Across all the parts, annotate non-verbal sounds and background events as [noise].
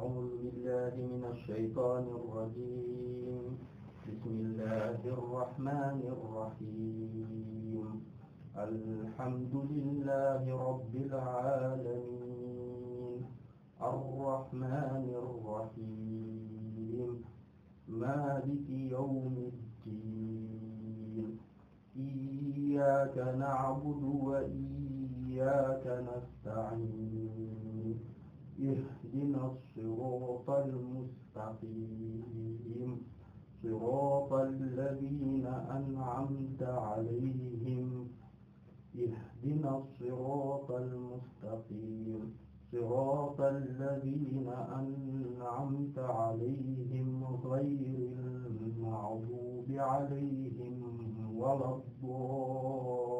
أعوذ بالله من الشيطان الرجيم بسم الله الرحمن الرحيم الحمد لله رب العالمين الرحمن الرحيم مالك يوم الدين إياك نعبد وإياك نستعين اهدنا الصراط المستقيم صراط الذين أنعمت عليهم اهدنا الصراط المستقيم صراط الذين أنعمت عليهم غير المغضوب عليهم ولا الضالين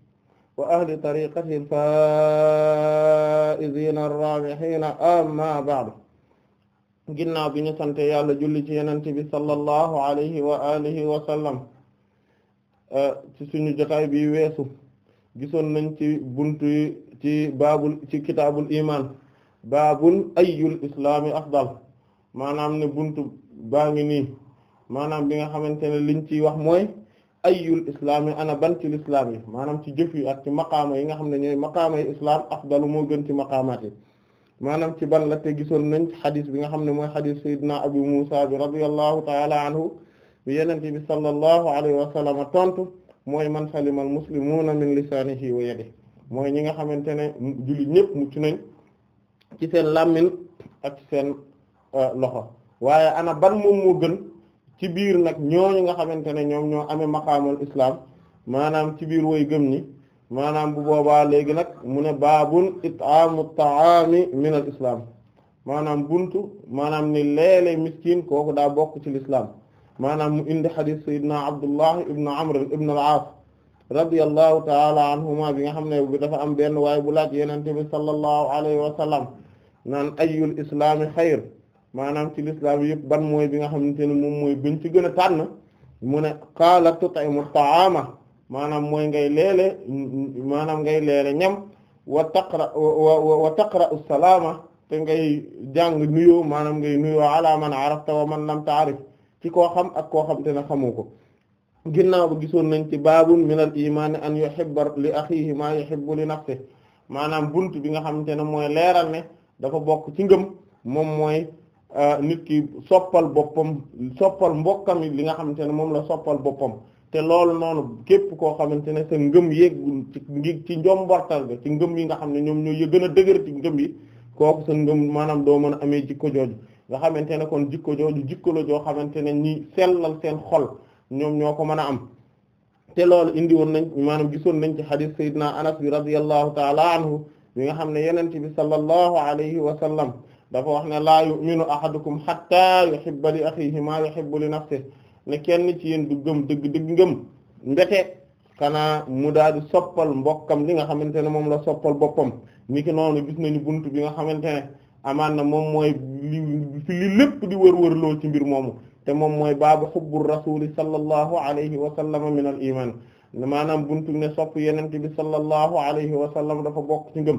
wa ahli tariqatihi al-faa'iziina ar-raabihiina amma ba'du ginnaaw bi ñu sante yàlla julli ci yonent bi sallallahu alayhi wa alihi wa sallam eh, ci suñu jotaay bi weesu gisoon nañ ci buntu ci baabul ci kitaabul imaan baabul ayyul islaami afdal maanaam ne buntu baa ngi nii maanaam bi nga xamante ne liñ ciy wax mooy ayul islam yi ana ban ci lislaam yi maanaam ci jëf yi ak ci maqaama yi nga xam ne ñooy maqaama yi islam afdalu moo gën ci maqaamaat yi maanaam ci ban la te gisoon nañ xadis bi nga xam ne mooy xadis sayyidina abu musa bi radiyallahu taala anhu bi yenente bi sallallahu alayhi wa sallam tontu mooy man salimal muslimuna min lisaanihi wa yadihi mooy ñi nga xamante ne jullit ñëpp mucc nañ seen làmmiñ ak seen euh, loxo ana ban moom moo gën ci biir nag ñooñu nga xamante ne ñoom ñoo amee maqaamal islaam maanaam ci biir way gëm ñi maanaam bu boobaa léegi nag mu ne baabun it'aamu ta'aami min al islaam maanaam buntu maanaam ni leele miskin kooku daa bokk ci lislaam maanaam mu indi xadiis sayyidina abdullah ibn amr ibn al-aas radiyallahu taala anhuma bi nga xam ne dafa am benn waaye bu laaj yenente bi sallallahu alayhi wa sallam naan ayyul islaami xayr maanaam ci lislaam yëpp ban mooy bi nga xamante ne moom mooy gën ci gën a tànn mu ne xaala tut'imu ta'ama maanaam mooy ngay leele ngay leele ñam wa taqra wa taqra salaama te ngay jàng nuyoo maanaam ngay nuyoo ala man arafta wa man lam ta'rif ci koo xam ak koo xam te ne xamu ko ginnaaw ba gisoon nañ ci baabun min al imaani an yuhibba li axiihi maa yuhibbu li nafsihi maanaam bunt bi nga xamante ne mooy leeral ne dafa bokk ci ngëm moom mooy Euh, nit ki soppal boppam soppal mbokkam li nga xamante ne moom la soppal boppam te loolu noonu képp koo xamante ne sa ngëm yeeg ci ci njombortal ga ci ngëm yi nga xam ne ñoom ñoo gën a dëgër ci ngëm yi kooku ngëm maanaam doo mën a amee jikko jooju nga xamante ne kon jikko jooju jikko la joo xamante ne ñi sellal seen xol ñoom ñoo ko mën a am te loolu indi woon nañ maanaam gisoon nañ ci xadis Seydina Anas bi radiyallahu taala anhu bi nga xam ne yeneen yenente bi sallallahu alayhi wa sallam dafa wax ne laa yu'minu ahadukum hatta yuhibba li akhihi ma yuhibbu li nafsihi ne kenn ci yéen du gëm dëgg dëgg ngëm mbete xanaa mu daal di soppal mbokkam li nga xamante ne moom la soppal boppam ni ki noonu gis nañu bunt bi nga xamante ne amaan na moom mooy li fi li lépp di wër-wër loo ci mbir moomu te moom mooy baabu xubbu rasuli sallallahu alayhi wa sallam min al iman maanaam buntu ne sopp yenente bi sallallahu alayhi wa sallam dafa bokk ci ngëm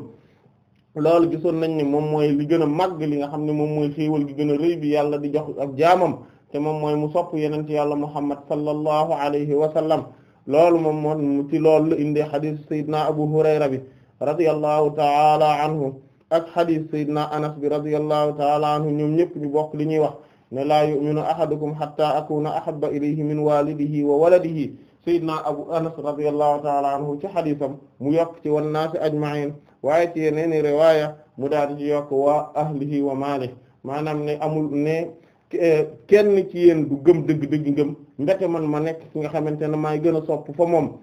loolu gisoon nañ ni moom mooy li gën a màgg li nga xam ne moom mooy xéewal gi gën a rëy bi yàlla di jox ak jaamam te moom mooy mu sopp yeneen ci yàlla muhammad sallallahu alayhi wa sallam loolu moom moo ci loolu la indee xadis sayidna abu hurayra bi radiyallahu taala anhu ak xadis sayidna anas bi radiyallahu taala anhu ñoom ñëpp ñu bokk li ñuy wax ne laa yu'minu ahadukum hatta akuna ahabba ilayhi min walidihi wa waladihi sayidna abu anas radiyallahu taala anhu ci xadisam mu yokk ci wan naasi ajma'in waaye ci yeneen riwaaya mu daal di yokk waa ahlihi wa maali maanaam ne amul ne eh, kenn ci yéen du gëm dëgg-dëgg ngëm mbete man ma nekk ki nga xamante ne maay gën a sopp fa moom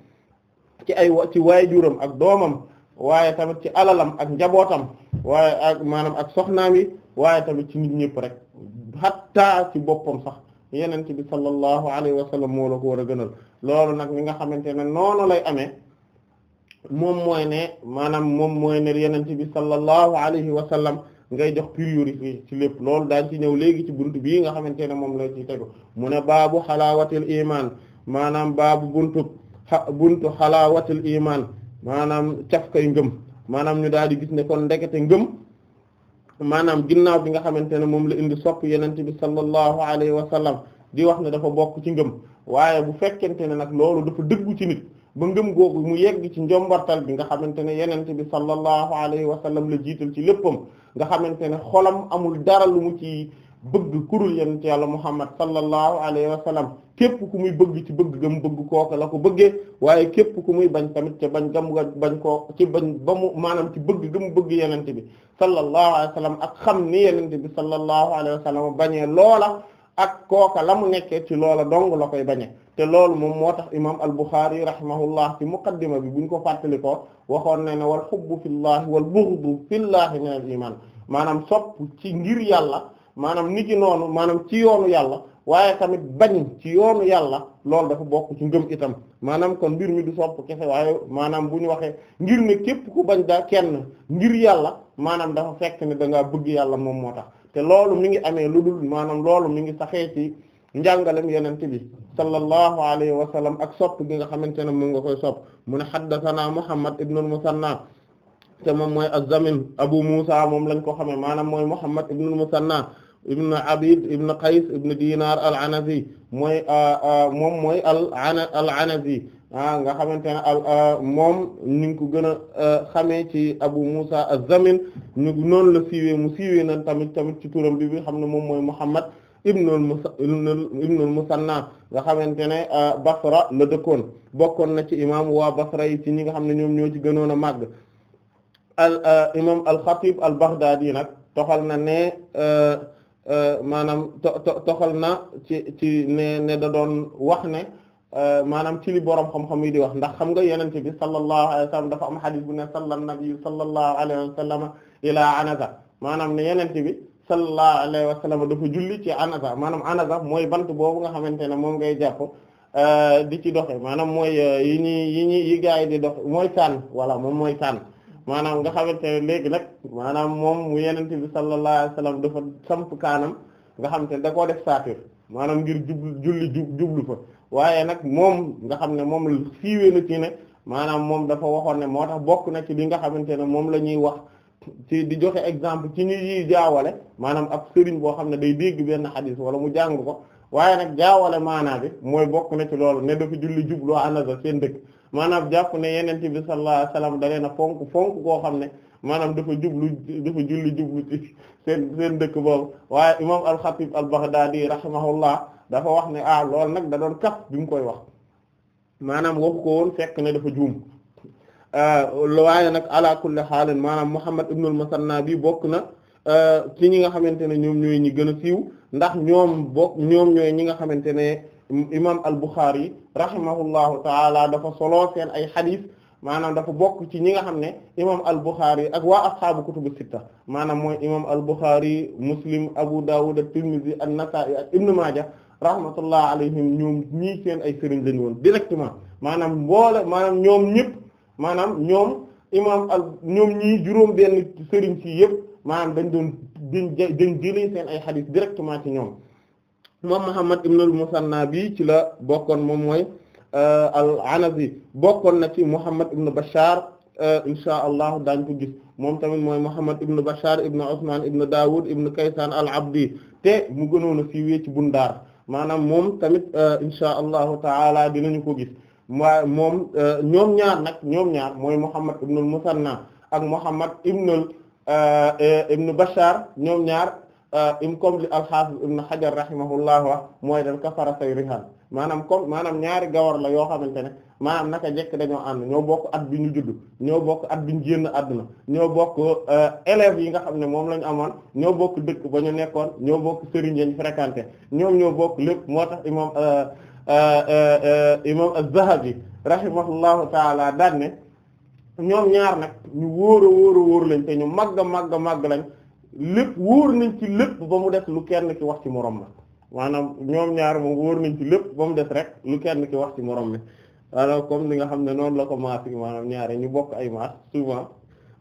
ci ay ci waay juram ak doomam waaye tamit ci alalam ak njabootam waaye ak maanaam ak soxnaam yi waaye tamit ci nit ñëpp rek hatta ci boppam sax yeneen bi sallallahu alayhi wa sallam moo la ko war a gënal loolu nag mi nga xamante ne noonu lay amee moom mooy ne maanaam moom mooy ne yenente bi sallallahu alayhi wa sallam ngay jox priorité ci lépp loolu daañ ci ñëw léegi ci buntu bii nga xamante ne moom la ci tegu mu ne baabu xalaawatil iman maanaam baabu buntu buntu xalaawatil iman maanaam caf kay ngëm maanaam ñu daal di gis ne kon ndekete ngëm maanaam ginnaaw bi nga xamante ne moom la indi sopp yenente bi sallallahu alayhi wa sallam di wax ne dafa bokk ci ngëm waaye bu fekkente ne nag loolu dafa dëggu ci nit ba ngëm googu mu yegg ci njombartal bi nga xamante ne yenente bi sallallahu alayhi wa sallam la jiital ci léppam nga xamante ne xolam amul dara lu mu ci bëgg kurul yenente yàlla muhammad sallallahu alayhi wa sallam képp ku muy bëgg ci bëgg gam bëgg kooka la ko bëggee waaye képp ku muy bañ tamit ca bañ gam bañ koo ci bañ ba mu maanaam ci bëgg gam bëgg yenente bi sallallahu alayhi wa sallam ak xam ni yenente bi sallallahu alayhi wa sallam bañee loola ak kooka la mu nekkee ci loola dong la koy bañe te loolu moom moo tax imaam al-Bukhari rahimahullah ci muqaddima bi ñu ko fàttali ko waxoon na ne wal hubbu fillahi wal bughdu fillahi min al iman maanaam sopp ci ngir yàlla maanaam nit niki noonu maanaam ci yoonu yàlla waaye tamit bañ ci yoonu yàlla loolu dafa bokk ci ngëm itam maanaam kon mbir mi du sopp kese waaye maanaam bu ñu waxee ngir ne képp ku bañ daa kenn ngir yàlla maanaam dafa fekk ne da ngaa bëgg yàlla moom moo tax te loolu mi ngi amee lu dul maanaam loolu mi ngi saxee ci tibi yenente bi sallallahu alayhi wa sallam ak sopp gi nga xamante ne moom nga koy sopp mu ne haddathana Muhammad ibn al-Musanna te moom mooy az-Zamin Abu Musa moom lañ ko xamee maanaam mooy Muhammad ibn al-Musanna ibn Abid ibn Qays ibn Dinar al-Anazi mooy ah, ah, moom mooy al-Anazi Ah, nga xamante ne ah, moom ñu ngi ko gën a ah, xamee ci Abu Musa az-Zamin ñu noonu la siiwee mu siiwee na tamit tamit ci tuuram bi xam ne moom mooy Muhammad ibnul Musa ibnul Musanna nga xamante ne Basra la dëkkoon bokkoon na ci imam waa Basra yi ci ñi nga xam ne ñoom ñoo ci gënoon a màgg al imam al-Khatib al-Baghdadi nag toxal na ne maanaam toxal na ci ci ne ne da doon wax ne Euh, maanaam ci li borom xam-xam yi di wax ndax xam nga yonent bi sallallahu alayhi wa sallam dafa am xadis bu ne salla nabi sallallahu alayhi wa sallam ila anaza maanaam ne yonent bi sallallahu alayhi wa sallam julli ci anaza maanaam anaza mooy bant boobu nga xamante ne moom ngay jàpp euh, di ci doxe maanaam mooy euh, yi ñuy yi ñuy yi gaa yi di dox mooy taan walla moom mooy sànn maanaam nga xamante ne léegi nag maanaam moom mu yonent bi sallallahu alayhi wa sallam dafa samp kaanam nga xamante ne da koo def saatir maanaam ngir jublu julli jublu fa waaye nag moom nga xam ne moom siiwee na ci maanaam moom dafa waxoon ne moo tax bokk na ci li nga xamante ne moom la ñuy wax ci di joxe exemple ci ñu jaawale maanaam ab sëriñ boo xam ne day dégg benn xadis wala mu jàng ko waaye nag jaawale maanaa bi mooy bokk na ci loolu ne dafa julli jubloo anasa seen dëkk maanaam jàpp ne yeneen bi sallallahu da leen a fonk fonk xam ne maanaam dafa jublu dafa julli jublu ci seen seen dëkk boobu waaye imam al-Khatib al-Baghdadi rahimahullah dafa wax ne ah loolu nag da doon kaf bi mu koy wax maanaam waxu ko woon fekk ne dafa juum euh, waaye nag ala kulli xaalin maanaam Muhammad ibnul Musanna bokk na euh, ci ñi nga xamante ne ñoom ñooy ñi gën a siiw ndax ñoom bokk ñoom ñooy ñi nga xamante ne imam al-Bukhari rahimahullahu taala dafa solo seen ay xadis maanaam dafa bokk ci ñi nga xam ne imam al-Bukhari ak waa asxaabu kutubu sitta maanaam mooy imam al-Bukhari Muslim Abu Dawud at-Tirmidhi an-Nasa'i ak Ibn Maaja rahmatullah alayhim ñoom ñii seen ay sëriñ lañu woon directement maanaam maanaam ñoom ñëpp maanaam ñoom imaam al ñoom ñii juróom benn sëriñ si yëpp maanaam dañ doon dañ dañ seen ay xadiis directement ci ñoom moom Muhammad ibn al ci la bokkoon moom mooy euh, al-Anazi bokkon na ci Muhammad ibn Bashar euh, insha Allah daañ ko moom tamit mooy Muhammad ibn Bashar ibn Usman ibn Dawud ibn Kaysan al-Abdi te mu gënoon a siiwee ci Bundaar maanaam moom tamit euh, insha allahu taala dinañu ko gis waaye moom euh, ñoom ñaar nag ñoom ñaar mooy Muhammad ibnul Musanna ak Muhammad ibnul euh, ibnu Bashar ñoom ñaar im comme li al-Hafiz ibnu Hajar rahimahullah wa mooy dal kafara say rihaan maanaam comme maanaam ñaari gawar la yoo xamante ne maanaam naka jekk dañoo ànd ñoo bokk at bi ñu judd ñoo bokk at bi ñu génn àdduna ñoo bokk euh, élèves yi nga xam ne moom lañu amoon ñoo bokk dëkk ba ñu nekkoon ñoo bokk sëriñ yañ fréquenté ñoom ñoo bokk lépp moo tax imam euh, euh, imam az-Zahabi rahimahullahu taala daan ne ñoom ñaar nag ñu wóor a wóor lañ te ñu màgg a màgg màgg lañ lépp wóor nañ ci lépp ba mu def lu kenn ki wax ci moroom la maanaam ñoom ñaar moom wóor nañ ci lépp boo mu des rek lu kenn ki wax ci moroom mi alors comme li nga xam ne noonu la ko maas yi ñaare ñu bokk ay maas souvent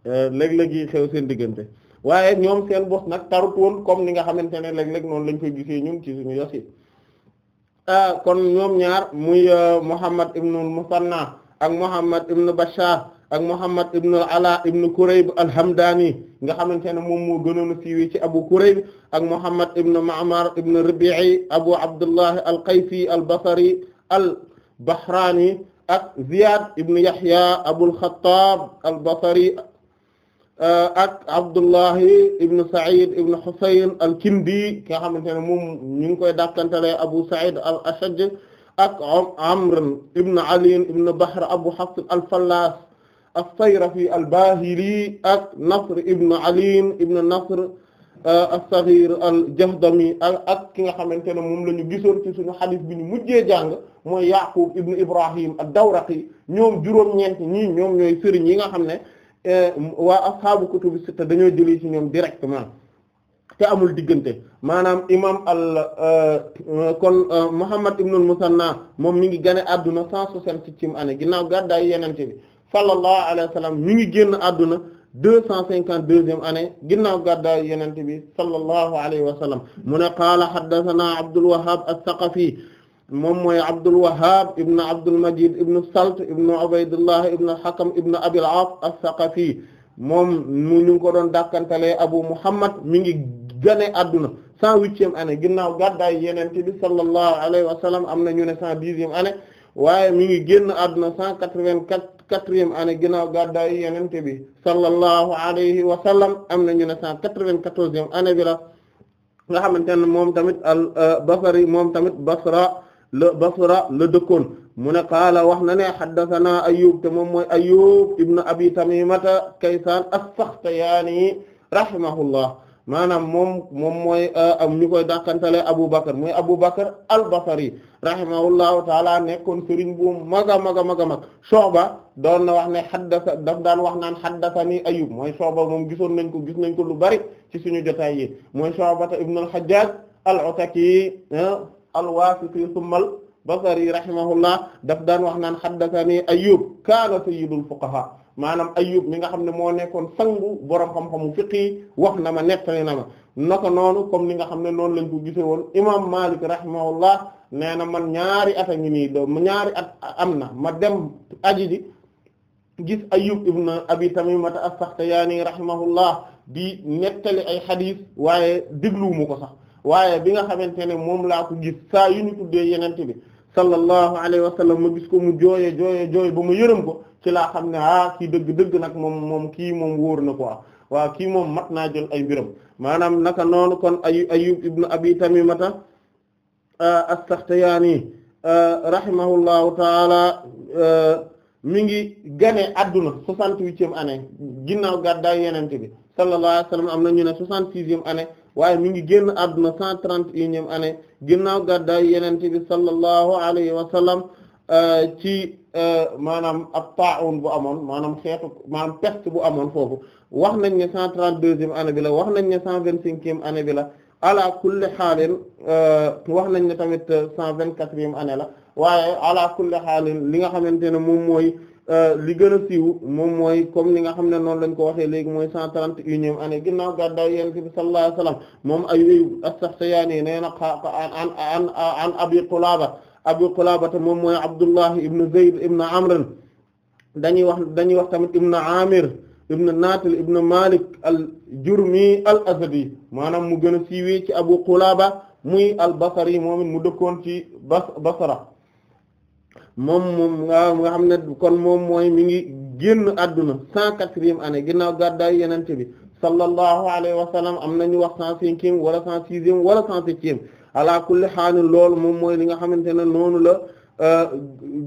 euh, léeg-léeg yi xew seen diggante waaye ñoom seen bos nag tarut woon comme ni nga xamante ne léeg-léeg noonu lañ koy gisee ñun ci suñu yos yi ah, kon ñoom ñaar muy euh, Muhammad ibn Musanna ak Muhammad ibn Bashar ak Muhammad ibn al-Ala ibn Kurayb al-Hamdani nga xamante ne moom moo gënoon a siiwee ci Abu Kurayb ak Muhammad ibn Ma'mar ibn Rabi'i Abu Abdullah al-Qaysi al-Basri al-Bahrani ak Ziyad ibn Yahya Abul Khattab al-Basri eh, ak Abdullahi ibn Sa'id ibn Husayn al-Kindi nga xamante ne moom ñu ngi koy dàkkantale Abu Sa'id al-Ashaj ak Amr ibn Ali ibn Bahr Abu Hafs al-Fallas as-Sayrafi al-Bahili ak Nasr ibn Alim ibn Nasr euh, as-Saghir al-Jahdami ak ki nga xamante ne moom lañu ñu gisoon ci suñu xadis bi ñu mujjee jàng mooy Yaqub ibn Ibrahim ad-Dawraqi ñoom juróom-ñeent ñii ñoom ñooy sëriñ yi nga xam ne euh, waa ashaabu kutubu sitta dañoo jëlee ci ñoom directement te amul diggante maanaam imam al euh, kon Muhammad ibn al-Musanna moom mi ngi gane adduna cent soixante-septième année ginnaaw gàddaay Yonent bi sallallahu alayhi wa sallam mi ngi génn àdduna deux cent cinquante deuxième année ginnaaw gàddaay yonent bi sallallahu alayhi wa sallam mu ne qaala haddathana Abdul Wahhab as-Saqafi moom mooy Abdul Wahhab ibn Abdul Majid ibn Salt ibn Ubaydullah ibn al-Hakam ibn Abil As as-Saqafi moom mu ñu ko doon dàkkantalee Abu Muhammad mi ngi gane àdduna cent huitième année ginnaaw gàddaay yonent bi sallallahu alayhi wa sallam am na ñu ne cent dixième année waaye mi ngi génn àdduna cent quatre vingt quatrième année ginnaaw gàddaayu Yonent bi sallallahu alayhi wa sallam am na ñu ne cent quatre-vingt-quatorzième année bi la nga xamante ne moom tamit al euh, Basri moom tamit Basra la Basra la dëkkoon mu ne qaala wax na ne haddathana Ayyub te moom mooy Ayyub ibn Abi Tamimata Kaysan as-Sakhtiyaani rahimahullah maanaam moom moom mooy euh, am ñu koy dàkkantale Abu Bakr mooy Abu Bakr al-Basri rahimahullahu taala nekkoon sëriñ bu mag a mag a mag a mag Shu'ba doon na wax ne haddasa daf daan wax naan haddathani Ayyub mooy Shu'ba moom gisoon nañ ko gis nañ ko lu bari ci suñu jotaay yi mooy Shu'ba ibn al-Hajjaj al-Ataki euh, al-Wasiti thumma al-Basri rahimahullah daf daan wax naan haddathani Ayyub kaana sayyidul fuqaha maanaam Ayyub mi nga xam ne moo nekkoon sangu borom xam-xamu fiqh yi wax na ma nettali na ma naka noonu comme ni nga xam ne noonu lañ ko gisee woon imaam Maalik rahimahullah nee na man ñaari at a ngi nii do ñaari at am na ma dem aji ji gis Ayyub ibn Abi Tamimata as-Saxtiyaani rahimahullah di nettali ay xadiis waaye dégluwuma ko sax waaye bi nga xamante ne moom laa ko gis saa yu ñu tuddee yenente bi sallallahu alayhi wa sallam ma gis ko mu jooyee jooyee jooy ba mu yërëm ko ci laa xam ne ah kii dëgg dëgg nag moom moom kii moom wóor na quoi waaw kii moom mat naa jël ay mbiram maanaam naka noonu kon ay Ayyub ibn Abi Tamimata ah, as-Sakhtiyani ah, rahimahullahu taala ah, mi ngi gane adduna soixante-huitième année ginnaaw gàddaay yenente bi sallallahu alayhi wa sallam am na ñu ne soixante-sixième année waaye mi ngi génn àdduna cent trente et unième année ginnaaw gàddaay yenente bi sallallahu alayhi wa sallam euh, ci euh, maanaam ab taa'un bu amoon maanaam xeetu maanaam peste bu amoon foofu wax nañ ne cent trente deuxième année bi la wax nañ ne cent vingt cinquième année bi la ala kulli xaalin euh, wax nañ ne tamit cent vingt quatrième année la waaye ala kulli xaalin li nga xamante ne moom mooy Euh, li gën a siiw moom mooy comme li nga xam ne noonu lañ ko waxee léegi mooy cent trente et unième année ginnaaw gàddaay yonent bi sallallahu alayhi wasallam moom Ayyub as-Saxtiyaani ne na an an an Abi Qulaaba Abi Qulaaba te moom mooy Abdullah ibn Zayd ibn Amr dañuy wax dañuy wax tamit ibn Amir ibn Naatil ibn Malik al-Jurmi al-Asadi maanaam mu gën a siiwee ci Abu Qulaaba muy al-Basri moom it mu dëkkoon ci Bas Basra moom moom nga xam ne kon moom mooy mi ngi génn adduna cent quatrième année ginnaaw gàddaayu yenente bi sallallahu alayhi wa sallam am nañu wax cent cinquième wala cent sixième wala cent septième ala kulli xaani loolu moom mooy li nga xamante ne noonu la euh,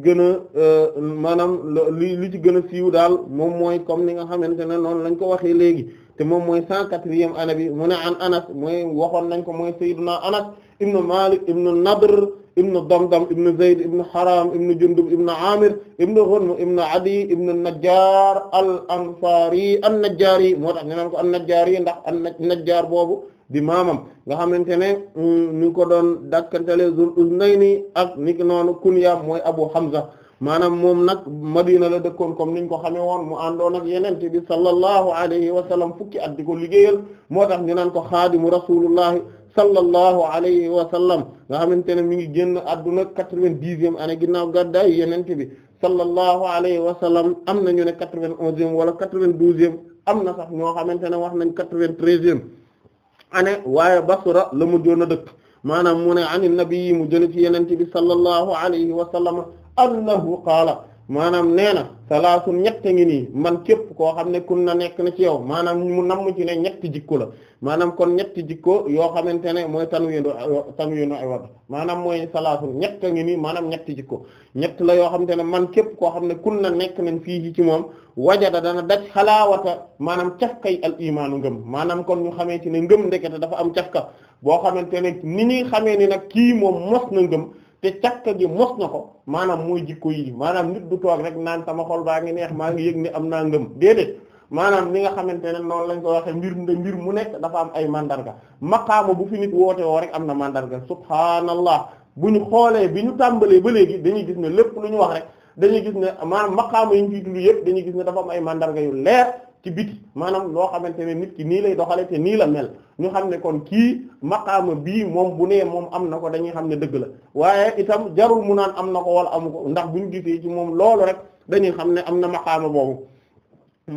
gën a euh, maanaam li li ci gën a siiw daal moom mooy comme ni nga xamante ne noonu lañ ko waxee léegi te moom mooy cent quatrième année bi mu ne an Anas mooy waxoon nañ ko mooy Sayyiduna Anas ibnu Malik ibnu Nadr ibn Damdam ibn Zayd ibn Haram ibn Jundub ibn Amir ibn Ghanm ibn Adi ibn Najjar al-Ansari an-Najjari moo tax ñu naan ko an-Najjari ndax an-Najjar boobu di maamam nga xamante ne mm, ñu ngi ko doon dakkantele Zul Uznayni ak ni ki noonu kunya mooy Abu Hamza maanaam moom nag Madina la dëkkoon comme niñ ko xamee woon mu àndoon ak yenente bi sallallahu alayhi wa sallam fukki at di ko liggéeyal moo tax ñu naan ko xaadimu rasulullahi sallallahu alayhi wa sallam nga xamante ne mi ngi génn adduna quatre-vingt-dixième année ginnaaw gàddaay yenente bi sallallahu alayhi wa sallam am na ñu ne quatre-vingt-onzième wala quatre-vingt-douzième am na sax ñoo xamante ne wax nañ quatre-vingt-treizième année waaye Basra la mu joon a dëkk maanaam mu ne an nabi yi mu jële ci yenente bi sallallahu alayhi wa sallam annahu qaala maanaam nee na salaasun ñett ngi nii man képp koo xam ne kun na nekk na ci yow maanaam mu namm ci ne ñetti jikko la maanaam kon ñetti jikko yoo xamante ne mooy tanwiinu ay iwad maanaam mooy salaasun ñett ngi nii maanaam ñetti jikko ñett la yoo xamante ne man képp koo xam ne kun na nekk nañ fii ci moom wajada dana daj xalaawata maanaam cafkay al imaanu ngëm maanaam kon ñu xamee ci ne ngëm ndekete dafa am cafka boo xamante ne ni ñuy xamee ni nag kii moom mos na ngëm te càkk gi mos na ko maanaam mooy jikko yi maanaam nit du toog rek naan sama xol baa ngi neex maa ngi yëg ne am naa ngëm déedéet maanaam li nga xamante ne noonu lañ ko waxee mbir mbir mu nekk dafa am ay mandarga maqaama bu fi nit woote woo rek am na mandarga subhaanallah bu ñu xoolee bi ñu tàmbalee ba léegi dañuy gis ne lépp lu ñu wax rek dañuy gis ne maanaam maqaama yi ñu ciy tudd yëpp dañuy gis ne dafa am ay mandarga yu leer ci biti maanaam loo xamante ne nit ki nii lay doxale te nii la mel ñu xam ne kon kii maqaama bii moom bu nee moom am na ko dañuy xam ne dëgg la waaye itam jarul mu naan am na ko wala amu ko ndax bu ñu gisee ci moom loolu rek dañuy xam ne am na maqaama boobu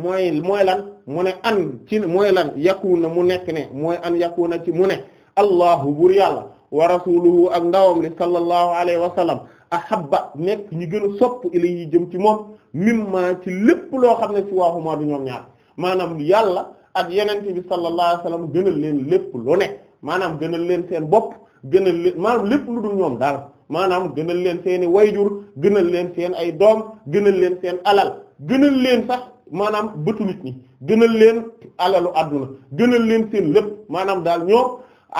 mooy mooy lan mu ne an ci mooy lan yakuna mu nekk ne mooy an yakuna ci mu ne allahu bur yàlla wa rasuluhu ak ndawam li sallallahu alayhi wa sallam ahabba nekk ñu gën sopp ila yi jëm ci moom mimma ci lépp loo xam ne ci waaxumaa du ñoom ñaar maanaam yàlla ak yenente bi sallallahu alayhi wasallam gënal leen lépp lu ne maanaam gënal leen seen bopp gënal leen maanaam lépp lu dul ñoom dara maanaam gënal leen seen i wayjur gënal leen seen ay doom gënal leen seen alal gënal leen sax maanaam bëtu nit ñi gënal leen alalu àdduna gënal leen seen lépp maanaam daal ñoom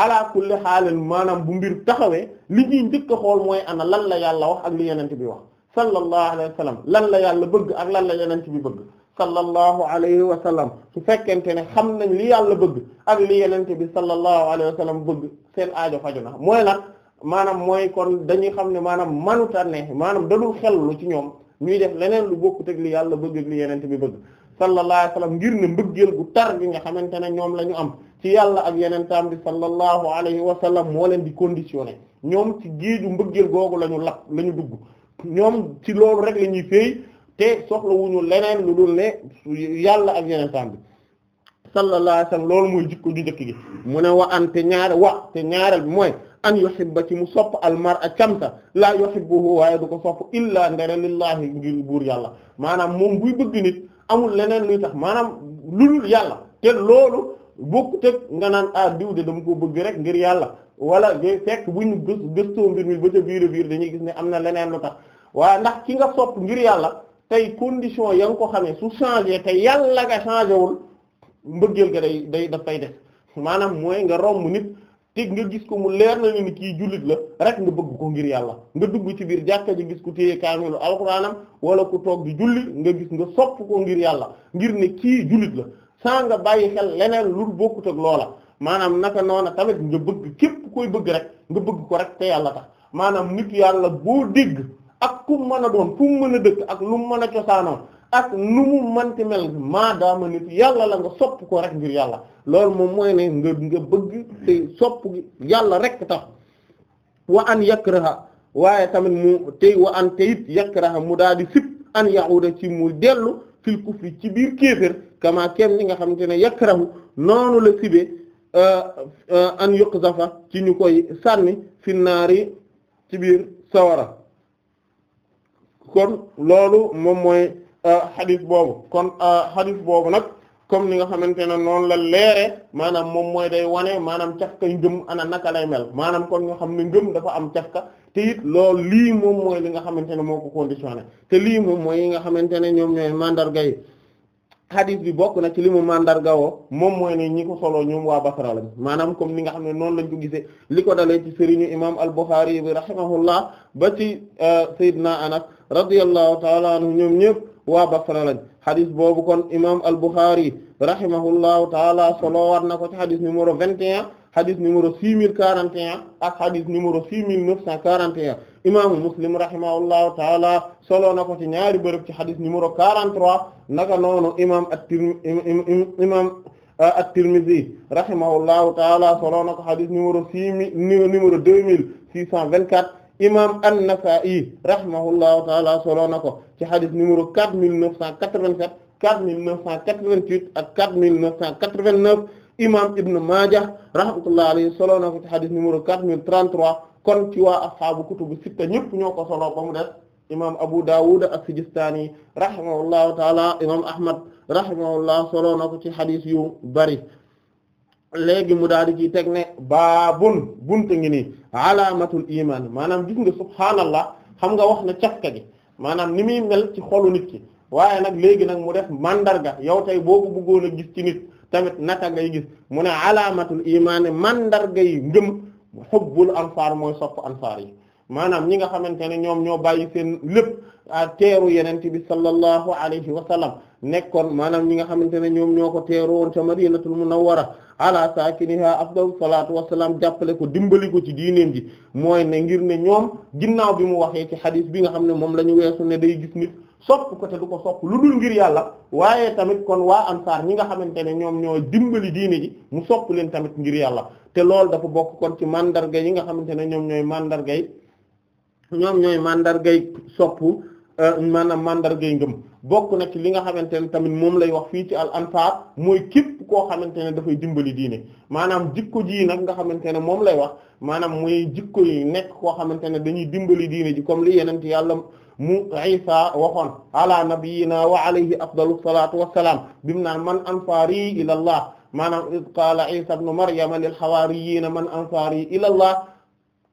ala kulli xaale maanaam bu mbir taxawee li ñuy njëkk a xool mooy ana lan la yàlla wax ak lu yenente bi wax sallallahu alayhi wasallam lan la yàlla bëgg ak lan la yenente bi bëgg sallallahu alayhi wa sallam su fekkente ne xam nañ li yàlla bëgg ak li yenente bi sallallahu alayhi wa sallam bëgg seen aajo faju na mooy nag maanaam mooy kon dañuy xam ne maanaam manuta ne maanaam xel lu ci ñoom ñuy def leneen lu bokkut ak li yàlla bëgg ak li yenente bi bëgg sallallahu alayhi wa ngir ne mbëggeel gu tar gi nga xamante ne ñoom la ñu am ci yàlla ak yenentaam bi sallallahu alayhi wa sallam moo leen di conditionné ñoom ci géeju mbëggeel googu la la ñu dugg te soxlawuñu leneen lu dul ne yàlla ak yenentaan bi sallallahu alayhi wasallam loolu mooy jikko ju njëkk gi mu ne wa an te ñaar wa te ñaareel bi mooy an yuhibba ci mu sopp almar a camta laa yuhibbuhu waaye du ko sopp illaa ndere lillahi ngir buur yàlla maanaam moom buy bëgg nit amul leneen luy tax maanaam lulul yàlla te loolu bokku teg nga naan ah diw de dama ko bëgg rek ngir yàlla wala day fekk bu ñu gëstoo mbir mi ba ca biir biir dañuy gis ne am na leneen lu tax waaye ngir yàlla tey condition ya nga ko xamee su changé te yàlla nga changé wul mbëggeel ga day day daf fay def maanaam mooy nga romb nit te nga gis ko mu leer na ni kii julit la rek nga bëgg ko ngir yàlla nga dugg ci biir jàkka ji gis ku téye kaamilu alxuraanam wala ku toog di julli nga gis nga sopp ko ngir yàlla ngir ne kii julit la saa nga bàyyi xel leneen lu bokkut ak loola maanaam naka noona tamit nga bëgg képp koy bëgg rek nga bëgg ko rek te yàlla ta maanaam nit yàlla boo dégg. ak kum mën a doon fu mu mën a dëkk ak lu mu mën a cosaanoo ak nu mu manti mel maadaama nit yàlla la nga sopp ko rek ngir yàlla loolu moom mooy ne nga nga bëgg te sopp gi yàlla rek tax wa an yakraha waaye tamit mu tey wa an teyit yakraha mu daal di sib an yahuda ci mu dellu fil kufri ci biir kéefér kama kem ni nga xamante ne yakrahu noonu la sibee euh, euh, an yuqzafa ci ñu koy sànni fi naari ci biir sawara kon loolu moom mooy hadith euh, boobu kon hadith euh, boobu nag comme ni nga xamante ne noonu la leere maanaam moom mooy day wane maanaam cafka ngëm ana naka lay mel maanaam kon nga xam ne ngëm dafa am cafka te it loolu lii moom mooy li nga xamante ne moo ko te lii yi nga xamante ne ñoom ñooy yi hadith bi bokk na ci li mu mandarga woo moom mooy ne ñi ko soloo ñoom waa Basra lañ maanaam comme ni nga xam ne noonu lañ ko gisee li ko dalee ci sëriñu imam al-Bukhari bi rahimahullah ba ci euh, Seydina Anas radiyallahu taala anhu ñoom ñëpp waa Basra lañ xadis boobu kon imam al-Bukhari rahimahullahu taala soloowaat na ko ci xadis numéro 21 xadis numéro 6041 ak xadis numéro 6941 imaamu Muslim rahimahullahu taala soloo na ko ci ñaari bërëb ci xadis numéro 43 naka noonu imam at-Tirmidhi imam euh, at-Tirmidhi rahimahullahu taala soloo na ko xadis numéro 6 numéro 2624 imam an-Nasa'i rahimahullahu taala soloo na ko ci hadith numéro 4987 4988 ak 4989 imam Ibn Majah rahmatullahi alayhi soloo na ko ci hadith numéro 4033 kon ci waa ashaabu kutubu sitta ñëpp ñoo ko soloo ba mu def imam Abu Dawud as-Sijistani rahimahullahu taala imam Ahmad rahimahullah soloo na ko ci hadith yu bari léegi mu daal di ci teg ne baabun buntu ngi nii alaamatul imaan maanaam gis nga subhaanallah xam nga wax na cafka gi maanaam ni muy mel ci xolu nit ki waaye nag léegi nag mu def mandarga yow tey boobu bëggoon a gis ci nit tamit naka ngay gis mu ne alaamatul imaan mandarga yi ngëm xubbul ansaar mooy sopp ansaar yi maanaam ñi nga xamante ne ñoom ñoo bàyyi seen lépp a teeru yenent bi sallallahu alayhi wa sallam nekkoon maanaam ñi nga xamante ne ñoom ñoo ko teeru woon ca madinatul munawwara ala saakiniha afdalu salatu wasalaam jàppale ko dimbali ko ci diineem ji mooy ne ngir ne ñoom ginnaaw bi mu waxee ci xadis bi nga xam ne moom la ñu weesu day gis nit sopp ko te ko sopp lu dul ngir yàlla waaye tamit kon waa ansaar ñi nga xamante ne ñoom ñoo dimbali diine ji mu sopp leen tamit ngir yàlla te loolu dafa bokk kon ci mandarga yi nga xamante ne ñoom ñooy mandarga yi ñoom ñooy mandargay soppu euh, maanaam mandargay ngëm bokk na ci li nga xamante ne tamit moom lay wax fii ci al anfaar mooy képp koo xamante ne dafay dimbali diine maanaam jikko ji nag nga xamante ne moom lay wax maanaam muy jikko yi nekk koo xamante ne dañuy dimbali diine ji comme li yeneen ci yàlla mu Isa waxoon ala nabiyyina wa alayhi afdalu salaatu wa salaam bim naan man anfaari ilallah maanaam iz qaala Isa ibnu Maryama lil hawaariyiina man anfaari ilallah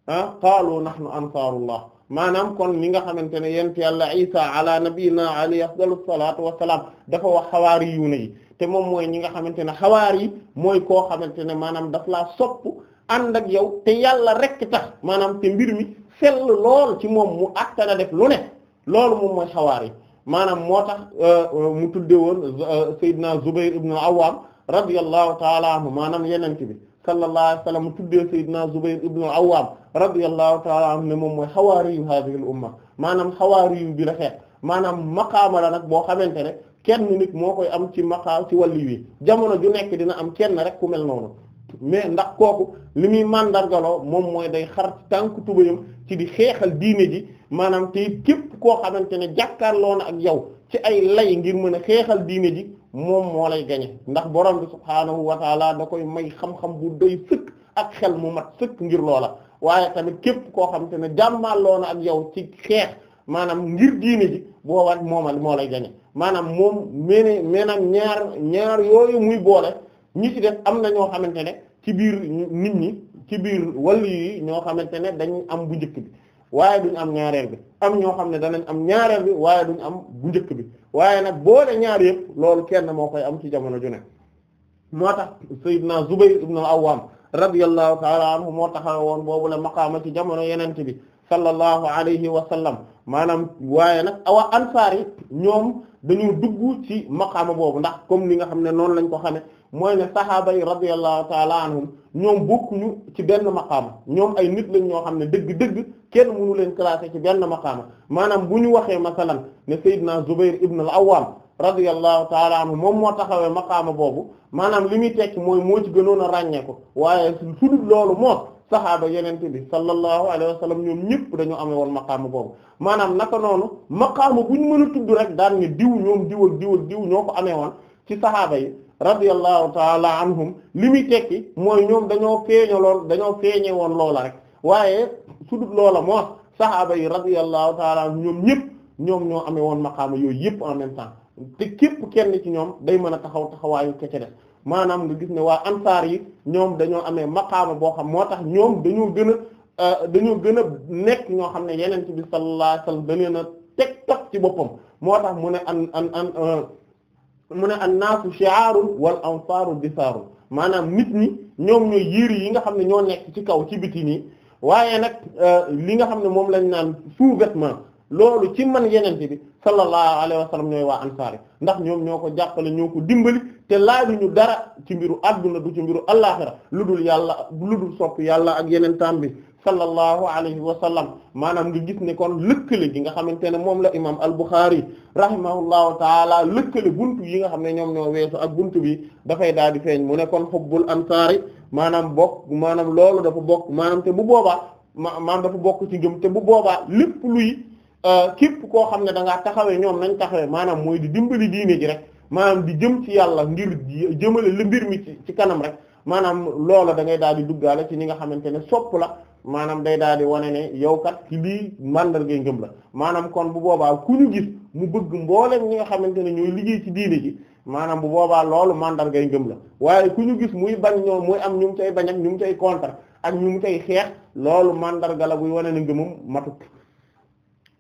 ah qaalu nahnu ansaarullah maanaam kon ni nga xamante ne yent yàlla isa ala nabiyina alayhi afdalu salaatu wassalaam dafa wax xawaari yu ne yi te moom mooy ñi nga xamante ne xawaar yi mooy koo xamante ne maanaam daf laa sopp ànd ak yow te yàlla rekk tax maanaam te mbir mi sell lool ci moom mu attana def lu ne loolu moom mooy xawaar yi maanaam moo tax euh, euh, mu tudde woon euh, Seydina Zubayr ibn al-Awwam radiyallahu ta'ala anhu maanaam yenente bi sallallahu alayhi wa sallam mu tuddee Seydina Zubayr ibn al-Awwam radiyallahu ta'ala ne moom mooy xawaari yu hadhihi al-umma maanaam xawaari yu bi la maanaam maqaama la nag boo xamante ne kenn nit moo koy am ci maqaam ci wàllu wi jamono ju nekk dina am kenn rek ku mel noonu mais ndax kooku li muy màndargaloo moom mooy day xar tànk tubayam ci di xeexal diine ji maanaam te képp koo xamante ne jàkkaarloo na ak yow ci ay lay ngir mën a xeexal diine ji moom moo lay gañe ndax borom bi subhaanahu wa taala da koy may xam-xam bu doy sëkk ak xel mu mat sëkk ngir loola waaye tamit képp koo xam te ne jàmmalloo na ak yow ci xeex maanaam ngir diine ji boowaat moomal moo lay gañe maanaam moom mene maanaam ñaar ñaar yooyu muy boole ñi ci def am na ñoo xamante ne ci biir nit ñi ci biir wàll yi ñoo xamante ne dañ am bu njëkk bi waaye duñ am ñaareel bi am ñoo xam ne danañ am ñaareel bi waaye duñ am bu njëkk bi waaye nag boole ñaar yëpp loolu kenn moo koy am ci jamono ju ne moo tax Seydina Zubayr ibn al-Awwam radiyallahu ta'ala anhu moo woon boobu la maqaama ci jamono yenente bi sallallahu alayhi wa sallam maanaam waaye nag awa ansaar yi ñoom dañu dugg ci maqaama boobu ndax comme li nga xam ne noonu lañ ko xame mooy ne saxaaba yi radiyallahu taala anhum ñoom bokkuñu ci benn maqaama ñoom ay nit lañ ñoo xam ne dëgg-dëgg kenn mënu leen classé ci benn maqaama maanaam bu ñu waxee masalan ne Seydina Zubair ibn al-Awwam radiyallahu taala anhu moom moo taxawee maqaama boobu maanaam li muy tekki mooy moo ci gënoon a ràññee ko waaye su dul loolu moo saxaaba yenente bi sallallahu alayhi wa sallam ñoom ñëpp dañoo amee woon maqaama boobu maanaam naka noonu maqaama bu ñu mën a tudd rek daan ne diw ñoom diw ak diw ñoo ko amee woon ci saxaaba yi radiyallahu taala anhum li muy tekki mooy ñoom dañoo lool dañoo feeñe woon loola rek waaye sudut loola moo saxaaba yi radiyallahu taala anhum ñoom ñëpp ñoom ñoo amee woon maqaama yooyu yëpp en même temps te képp kenn ci ñoom day mën a taxaw taxawaayu kece de maanaam nga gis ne waa ansaar yi ñoom dañoo amee maqaama boo xam moo tax ñoom dañoo gën a euh, dañoo gën a nekk ñoo xam ne yeneen bi sallallahu alayhi wasallam da leen a teg toog ci boppam moo tax mu ne an an an euh, mu ne annaasu shi'arun wal ansaaru bisaarun maanaam nit ñi ñoom ñooy yéri yi nga xam ne ñoo nekk ci kaw ci biti nii waaye nag euh, li nga xam ne moom lañ naan sous-vêtement loolu ci man yenente bi sallallahu alayhi wa sallam ñooy waa ansaar ndax ñoom ñoo ko jàppale ñoo ko dimbali te laaju ñu dara ci mbiru adduna du ci mbiru allaaxira lu dul yàlla lu dul sopp yàlla ak yeneen tam bi sallallahu alayhi wa sallam maanaam nga gis ne kon lëkkale gi nga xamante ne moom la imam al-Bukhari rahimahullahu taala lëkkale buntu yi nga xam ne ñoom ñoo weesu ak bunt bi dafay daal di feeñ mu ne kon hubbul ansaari maanaam bokk maanaam loolu dafa bokk maanaam te bu boobaa maanaam dafa bokk ci ngëm te bu boobaa lépp luy euh, képp koo xam ne da ngaa taxawee ñoom nañ taxawee maanaam mooy di dimbali diine ji rek maanaam di jëm ci yàlla ngir jëmale la mbir mi ci ci kanam rek maanaam loolu da ngay daal di duggaale ci ñi nga xamante ne sopp la maanaam day daal di wane ne yow kat ci lii màndargay ngëm la maanaam kon bu boobaa ku ñu gis mu bëgg mbooleem ñi nga xamante ne ñooy liggéey ci diine ji maanaam bu boobaa loolu màndargay ngëm la waaye ku ñu gis muy bañ ñoom muy am ñu mu cay bañ ak ñu mu cay contre ak ñu mu cay xeex loolu màndarga la buy wane ne ngëmum matut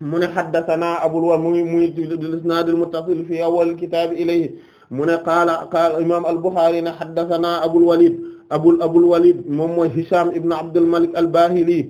mu ne haddathana abul wa muy muy isnaadul muttasil fi awwal kitaab ilayhi mu ne qaala qaala imaam al-Bukhari ne haddathana Abul Walid abul abul Walid moom mooy Hisham ibn Abdul Malik al-Bahili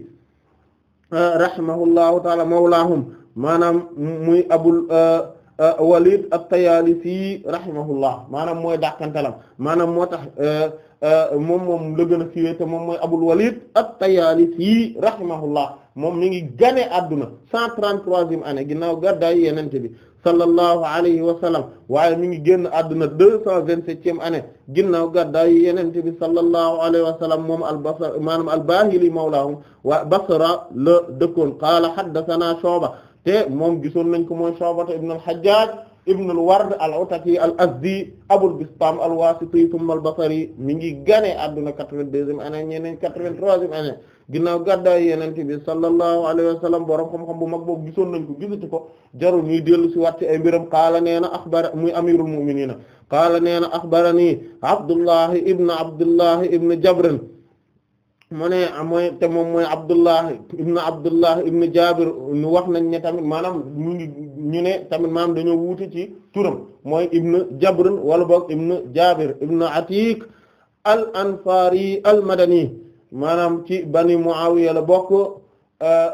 rahimahullahu ta'ala mawlaahum maanaam muy abul uh, uh, Walid at-Tayalisi rahimahullah maanaam mooy dàqantalam maanaam moo tax uh, moom moom la gën a siiwee te moom mooy abul Walid at-Tayalisi rahimahullah moom mi ngi gane adduna 133e année ginnaaw gàddaay Yonent bi sallallahu alayhi wa sallam waaye mi ngi génn àdduna deux cent vingt-septième année ginnaaw gàddaay yenente bi sallallahu alayhi wa sallam moom al-Basra maanaam al-Bahili mawlaahum wa Basra la dëkkoon qaala haddathana Shu'ba te moom gisoon nañ ko mooy Shu'ba ibn al-Hajjaj ibn al-Ward al-Ataki al-Azdi Abul Bistam al-Wasiti thumma al-Basri mi ngi gane adduna 82e année ñeneen 83e année ginnaaw gàddaay Yonent bi sallallahu alayhi wa sallam borom xam-xam bu mag boobu gisoon nañ ko gisati ko jarul ñuy dellu ci waat ci ay mbiram qaala nee na axbar muy amirul mu'miniina qaala nee na axbarani Abdullahi ibn Abdullahi ibn Jabr mu ne ah, mooy te moom mooy Abdullah ibn Abdullah ibn Jabir ñu wax nañ ne tamit maanaam ñu ngi ñu ne tamit maanaam dañoo wuute ci turam mooy ibn Jabr wala boog ibn Jabir ibn Atiq al Ansari al Madani maanaam ci bani Muawiya la bokk euh,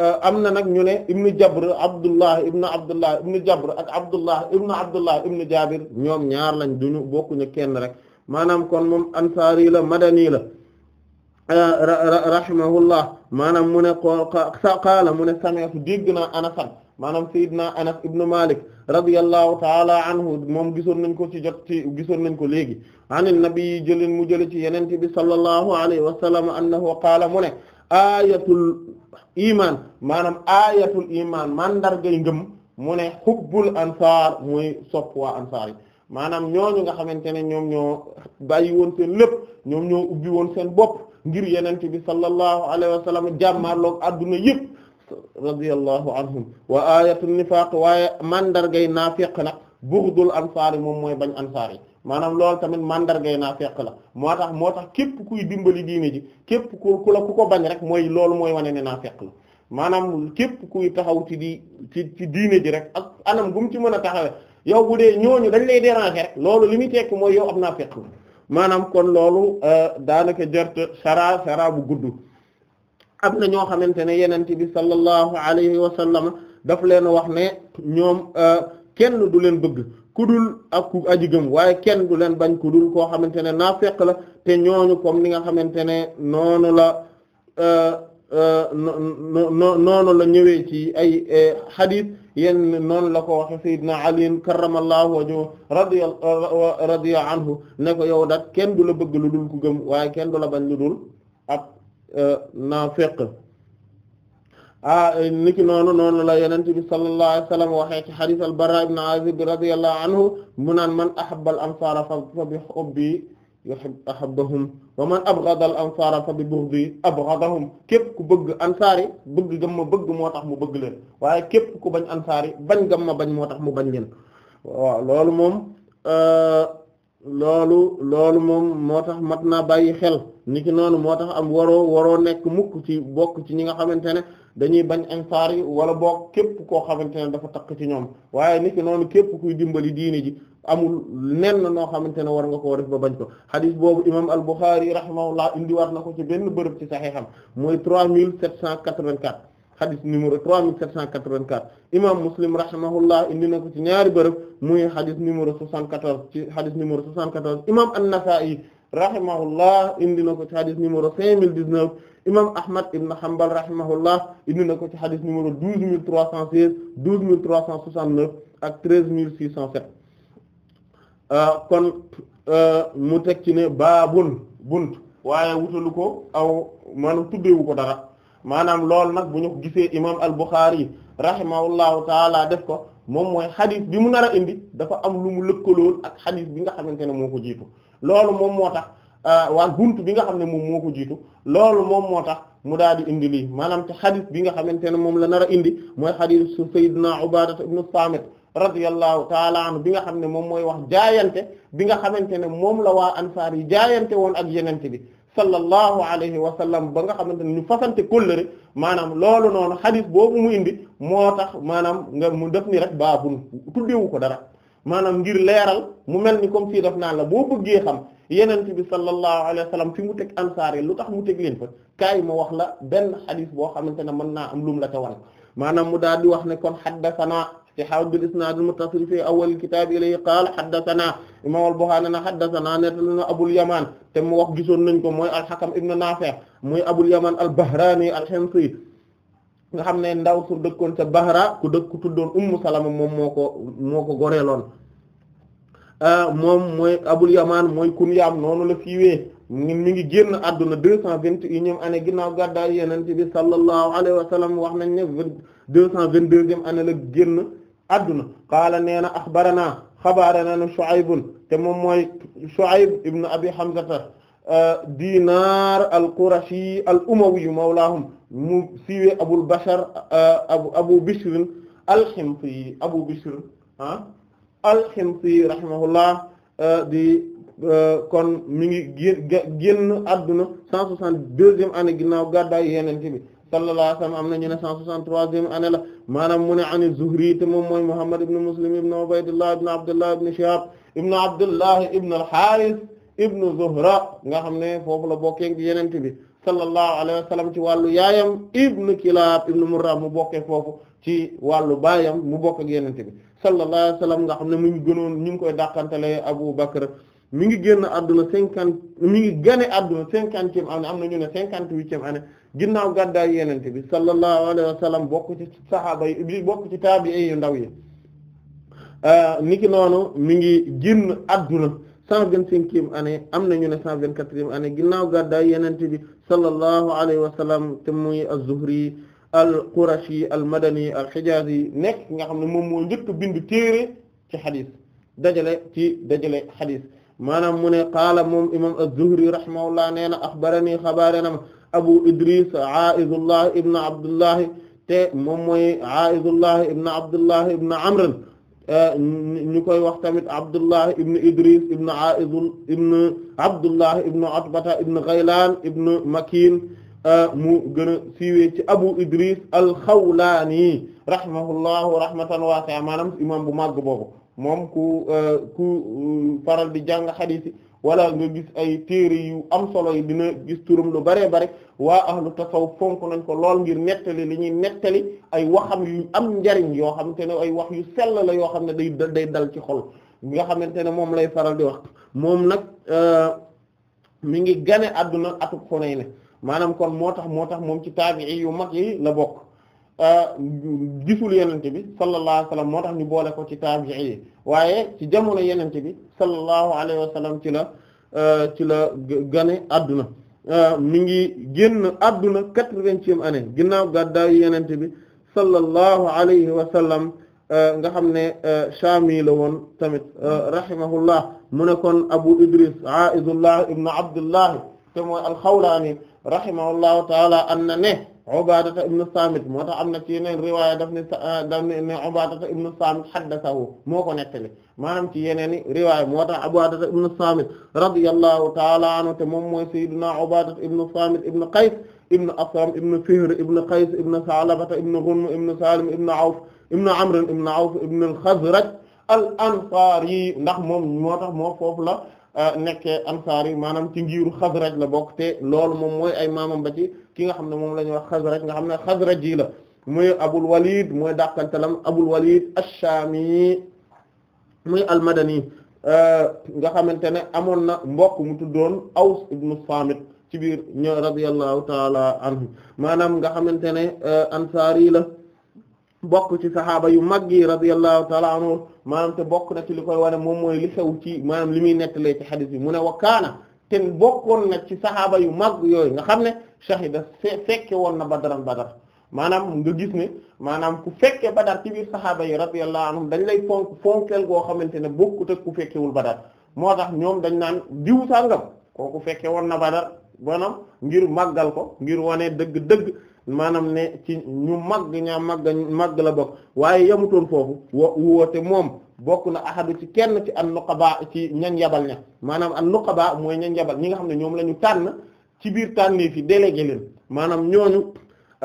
euh, am na nag ñu ne ibnu Jabr Abdullah ibnu Abdullah ibnu Jabr ak Abdullah ibnu Abdullah ibnu Jabir ñoom ñaar lañ bokkuñu kenn rek maanaam kon moom ansaari la madani la rahimahullah maanaam mu ne qaala mu ne sami'tu dégg naa anasan maanaam sayyidina anas ibnu malik radiyallahu taala anhu moom gisoon nañ ko ci jot ci gisoon nañ ko léegi anin nabi jëlin mu jëli ci yenente bi sallallahu alayhi wa sallam annahu qaala mu ne ayatul iman maanaam ayatul iman mandargay ngëm mu ne xubbul ansaar muy sopp waa ansaar yi maanaam ñooñu nga xamante ne ñoom ñoo bàyyi woon seen lépp ñoom ñoo ubbi woon seen bopp ngir yenente bi sallallahu alayhi wa sallam jàmmaarloog adduna yëpp radiyallahu anhum wa ayatu nifaaq waaye mandargay naafiq nag bughdul ansaar yi moom mooy bañ ansaar yi maanaam loolu tamit mandargay naafiq la moo tax moo tax képp kuy dimbali diine ji képp ku ku la ko bañ rek mooy loolu mooy wane ne naafiq la maanaam képp kuy taxaw ci di ci ci diine ji rek ak anam bu mu ci mën a taxawee yow bu dee ñooñu dañ lay déranger rek loolu li muy tekk mooy yow ab naafiq la maanaam kon loolu euh, daanaka jert sara sara gudd am na ñoo xamante ne yenente bi sallallahu alayhi wa sallam daf leen wax ne ñoom euh, kenn du leen bëgg ku dul ak ku aji gëm waaye kenn du leen bañ ku dul koo xamante ne naafeq la te ñooñu comme ni nga xamante ne noonu la euh, Euh, noonu la ñëwee ci ay eh, xadis yenn noonu la ko waxe sayyidina Ali karramallahu wajhu radiya radiya anhu ne ko yow dak kenn du la bëgg lu dul ku gëm waaye kenn du la bañ lu dul ab eh, naafiq ah, niki noonu noonu la yonent bi sallallahu alayhi wa sallam waxee ci al-Barra ibn Azib radiyallahu anhu mu naan man ahabba ansaara fa bi hubbi yuhibbu ahabbahum wa man abghada am ansara fa bi ab abghadahum képp ku bëgg ansaar yi bëgg gam ma bëgg moo tax mu bëgg leen waaye képp ku bañ ansaar bañ gam ma bañ moo tax mu bañ leen waaw loolu moom euh, loolu loolu moom moo tax mat naa bàyyi xel niki noonu moo tax am waroo waroo nekk mukk ci bokk ci ñi nga xamante ne dañuy bañ ansaar yi wala bokk képp koo xamante ne dafa takk ci ñoom waaye niki noonu képp kuy dimbali diini ji amul nen noo xamante ne war nga koo def ba bañ ko xadis boobu imam al-Bukhari rahimahullah indiwaat na ko ci benn bërëb ci saxiixam mooy 3784 xadis numéro 3784 imam Muslim rahimahullah indi na ko ci ñaari bërëb muy xadis numéro 74 ci xadis numéro 74 imam an-Nasa'i rahimahullah indi na ko ci xadis numéro 5019 imam Ahmad ibn Hanbal rahimahullah indi na ko ci xadis numéro 12316 12369 ak 13607 Euh, kon euh, mu teg ci ne baabun bunt waaye wutalu ko aw maanaam tuddeewu ko dara maanaam loolu nag bu ñu ko gisee imaam al-Bukhari rahimahullahu taala def ko moom mooy xadis bi mu nar a indi dafa am lu mu lëkkalool ak xadis bi nga xamante ne moo ko jiitu loolu moom moo tax euh, waa bunt bi nga xam ne moom moo ko jiitu loolu moom moo tax mu daal di indi lii maanaam te xadis bi nga xamante ne moom la nar a indi mooy xadis su Seydina Ubaada nu Saamit radiyallahu taala anhu bi nga xam ne moom mooy wax jaayante bi nga xamante ne moom la waa ansaar yi jaayante woon ak yenente bi sallallahu alayhi wa sallam ba nga xamante ne ñu fasante kóllëre maanaam loolu noonu xadis boobu mu indi moo tax maanaam nga mu def ni rek baabun tuddewu ko dara maanaam ngir leeral mu mel ni comme fi def naan la boo bëggee xam yenente bi sallallahu alayhi wa sallam fi mu teg ansaar yi lu tax mu teg leen fa kaay ma wax la benn xadis boo xamante ne mën naa am lum la te ci xaw bil isnaadil muttasil fi awwal kitaab ilayhi qaala haddasanaa imaam al-Buxaari na haddasanaa nettali na Abul Yamaan te mu wax gisoon nañ ko mooy al-Hakam ibn Naafi' mooy Abul Yamaan al-Bahraani al-Himsi nga xam ne ndaw su dëkkoon sa Bahra ku dëkk ku tuddoon Ummu Salama moom moo ko moo goreeloon euh, moom mooy Abul Yamaan mooy kunyaam noonu la fiiwee mi ngi génn àdduna deux ginnaaw gàddaay Yonent bi sallallahu alayhi wa wax nañ ne deux cent vingt la génn adduna qaala nee na axbaranaa xabaranaa Shu'aybun te moom mooy Shu'ayb ibn Abi Hamzata euh, Dinar al-Qurashi al-Umawi mawlaahum mu siiwee Abul Bashar euh, abu abu Bishr al-Himsi abu Bishr ah al-Himsi rahimahullah euh, di kon mi ngi génn génn adduna 162e année ginnaaw gàddaay Yonent bi sallallahu alayhi am na ñu ne 163e année la maanaam mu ne an az-Zuhri te moom mooy Muhammad ibn Muslim ibn Ubaydillah ibn Abdullah ibn Shihab ibn Abdullah ibn al-Harith ibn Zuhra nga xam ne foofu la bokkee ak Yonent bi sallallahu alayhi wa ci wàllu yaayam ibn Kilab ibn Murra mu bokkee foofu ci wàllu baayam mu bokk ak Yonent bi sallallahu alayhi wa sallam nga xam ne mu ngi gënoon ñu ngi koy dàqantale Abu Bakr mi ngi génn àdduna cinquante mi ngi gane àdduna cinquantième année am na ñu ne cinquante-huitième année ginnaaw gàddaay yenente bi sallallahu alayhi wa sallam bokk ci sahaaba yi ci taabi'i ndaw yi euh, niki noonu mi ngi génn adduna cent vingt-cinquième année am na ñu ne cent vingt-quatrième année ginnaaw gàddaay yenente bi sallallahu alayhi wa sallam te muy az-Zuhri al-Qurashi al-Madani al-Hijazi nekk nga xam ne moom moo njëkk bind téere ci xadis dajale ci dajale xadis maanaam mu ne qaala moom imam az-Zuhri rahimahullah nee na axbarani xabaare na ma Abu Idris Aizullah ibn Abdullah te moom mooy Aizullah ibn Abdullah ibn Amr ñu koy wax tamit Abdullah ibn Idris ibn Aizul ibn Abdullah ibn Utbata ibn Ghaylan ibn Makin mu gën a siiwee ci Abu Idris al-Khawlani rahimahullahu rahmatan waasi'a maanaam imam bu màgg boobu moom ku euh, ku euh, faral di jàng xadiis yi wala nga gis ay téere yu am solo yi dina gis turam lu bare bare waa ahlu tasawuf fonk nañ ko lool ngir nettali li ñuy nettali ay waxam yu am njariñ yoo xamante ne ay wax yu sell la yoo xam ne day day dal ci xol nga xamante ne moom lay faral di wax moom nag euh, mi ngi gane àdduna atuk Xunayn maanaam kon moo tax moo tax moom ci taabi'i yu mag yi la bokk Euh, gisul yenente bi sallallahu alayhi moo tax ñu boole ko ci taabi'i yi waaye ci jamono yenente bi sallallahu alayhi wa sallam ci la euh, ci la gane adduna euh, mi ngi génn adduna quatre-vingtième année ginnaaw gàddaayu yenente bi sallallahu alayhi wa sallam nga xam ne Shaami la woon tamit rahimahullah mu ne kon Abu Idris Aizullah ibn Abdullah te mooy al-Xawlaani rahimahullahu taala an Ubaadata ibnu Saamit moo tax am na ci yeneen riwaaya daf ne daf ne Ubaadata ibnu Saamit haddasahu moo ko nettali maanaam ci yeneen i riwaaya moo tax Ubaadata ibnu Saamit radiyallahu ta'ala anhu te moom mooy sayyidina Ubaadata ibnu Saamit ibnu Qays ibnu Asram ibnu Fihr ibnu Qays ibnu Sa'labata ibnu Ghunm ibnu Salim ibnu Awf ibnu Amr ibnu Awf ibnu al-Khazraj al-Ansaari ndax moom moo tax moo foofu la eh, nekkee Ansaari maanaam ci ngiiru Khazraj la bokk te loolu moom mooy ay maamam ba ci. ki nga xam ne moom la ñuy wax Xasraj nga xam ne Xasraji la muy Abul Walid mooy dàqantalam Abul Walid ash-Shami muy al-Madani euh, nga xamante ne amoon na mbokk mu tuddoon Aws ibn Samit ci biir ño radiyallahu taala anhu maanaam nga xamante ne euh, ansaari la bokk ci saxaaba yu mag yi radiyallahu taala anhu maanaam te bokk na ci li koy wane moom mooy li xew ci maanaam li muy nettalee ci xadis bi mu ne wa kaana te bokkoon na ci saxaaba yu mag yooyu nga xam ne shahida fekke woon na badaran badar maanaam nga gis ne maanaam ku fekke badar ci biir saxaaba yi radiyallahu anhum dañ lay fonk fonkeel goo xamante ne bokkut ak ku fekkewul badar moo tax ñoom dañ naan diw ko kooku fekke woon na badar maanaam ngir màggal ko ngir wane dëgg-dëgg maanaam ne ci ñu mag ñaa màgg màgg la bokk waaye yamutoon foofu wo woote moom bokk na ahadu ci kenn ci an nuqaba ci ñan yabal ña maanaam an nuqaba mooy ñan yabal ñi nga xam ne ñoom la ñu tànn ci biir tànnii fi délégué leen maanaam ñooñu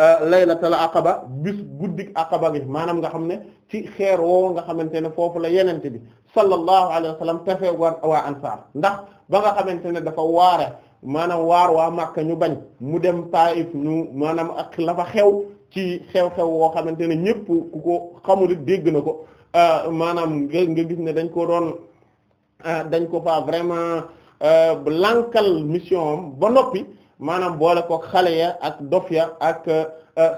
euh, laylatul aqaba bis guddik aqaba gi maanaam nga xam ne ci xeer woow nga xamante ne foofu la yenente bi sallallahu alayhi wa sallam tafee war waa ansaar ndax ba nga xamante ne dafa waare maanaam waar waa Makka ñu bañ mu dem Taif ñu maanaam ak la xew ci xew-xew woo xamante ne ñëpp ku ko xamul dégg na ko euh, maanaam nga gis ne dañ ko doon euh, dañ ko fa vraiment euh, lankal mission am ba noppi maanaam boole ko xale ya ak dof ya ak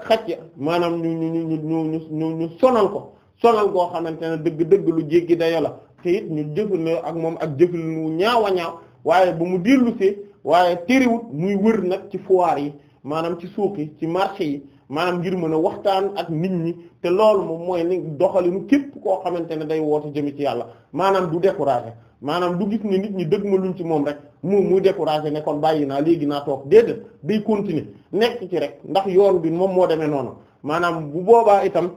xaj ya maanaam ñu ñu ñu ñu ñu ñu sonal ko sonal koo xamante ne dëgg-dëgg lu jéggi dayo la te it ñu jëfandikoo ak moom ak jëfandikoo ñaaw a ñaaw waaye bu mu dellusee waaye tëriwut muy wër nag ci foire yi maanaam ci suuq yi ci marché yi maanaam ngir mën a waxtaan ak nit ñi te loolu moom mooy ni doxalinu képp koo xamante ne day woote jëmi ci yàlla maanaam du découragé maanaam du gis ne nit ñi dëgg ma luñ ci moom rek moom muy découragé ne kon bàyyi naa léegi naa toog déedéet day continuer nekk ci rek ndax yoon bi moom moo demee noonu maanaam bu boobaa itam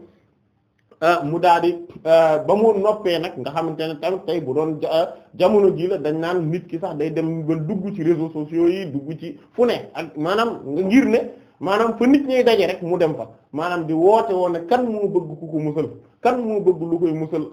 Euh, mu daal di euh, ba mu noppee nag nga xamante ne tamit tey bu doon euh, jamono ji la dañ naan nit ki sax day dem ba dugg ci réseaux sociaux yi dugg ci fu ne ak maanaam ngir ne maanaam fa nit ñuy daje rek mu dem fa maanaam di woote woon ne kan moo bëgg ku ko musal kan moo bëgg lu koy musal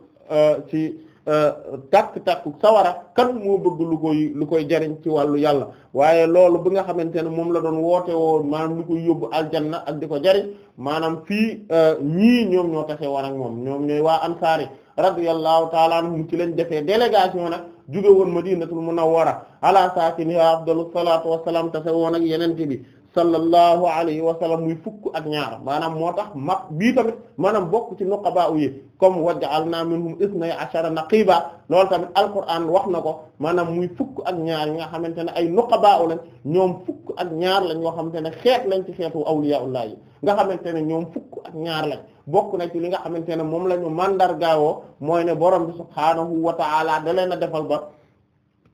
ci Euh, tàkk-tàkk sawara kan moo bëgg lu koy lu koy jariñ ci wàllu yàlla waaye loolu bi nga xamante ne moom la doon woote woo maanaam lu koy yóbbu aljanna ak di ko jariñ maanaam fii euh, ñii ñoom ñoo tase war ak moom ñoom ñooy waa ansaari radiyallahu taala anhum ci lañ defee délégation nag jóge woon madinatul munawwara ala saakinihaa afdalu salaatu wassalaam tase woon ak yenente bi sallallahu alayhi wa sallam muy fukk ak ñaar maanaam moo tax mag bii tamit maanaam bokk ci nuqaba u yi comme waja'alna minhum isnay ashara naqiba loolu tamit alquran wax na ko maanaam muy fukk ak ñaar yi nga xamante ne ay nuqaba u lañ ñoom fukk ak ñaar lañ ñoo xamante ne xeet lañ ci xeetu awliyaullah yi nga xamante ne ñoom fukk ak ñaar lañ bokk na ci li nga xamante ne moom la ñu mandargaawoo mooy ne borom bi subhaanahu wa ta'ala da leen a defal ba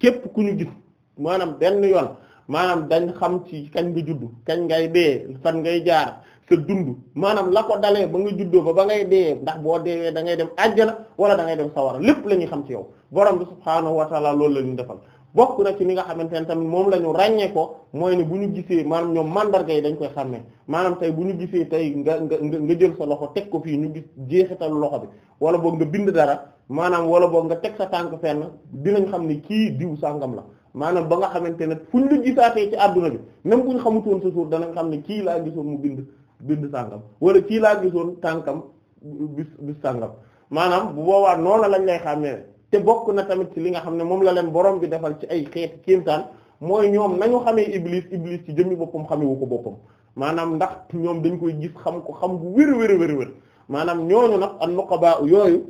képp ku ñu gis maanaam benn yoon maanaam dañ xam ci kañ nga juddu kañ ngay dee fan ngay jaar sa dund maanaam la ko dalee ba nga juddoo ba ba ngay dee ndax boo deewee da ngay dem àjjana wala dangay dem sawara lépp la ñuy xam ci yow borom bi subhaanahu wa taala loolu la ñu defal bokk na ci li nga xamante ne tamit moom la ñu ràññee ko mooy ne bu ñu gisee maanaam ñoom màndarga yi dañ koy xàmmee maanaam tey bu ñu gisee tey nga nga nga jël sa loxo teg ko fii ñu gis jeexital loxo bi wala boog nga bind dara maanaam wala boog nga teg sa tànk fenn dinañ xam ne kii diw sàngam la maanaam ba nga xamante ne fuñ la gisaatee ci àdduna bi même ñu xamutoon sa suur danañ xam ne kii laa gisoon mu bind bind sàngam wala kii laa gisoon tànkam bis bis sàngam maanaam bu boobaa noonu lañ lay xàmmee te bokk na tamit ci li nga xam ne moom la leen borom bi defal ci ay xeeti kéemtaan mooy ñoom nañu xamee iblis iblis ci jëmmi boppam xamewu ko boppam maanaam ndax ñoom dañ koy gis xam ko xam bu wér wér wér wér maanaam ñooñu nag an nuqaba yooyu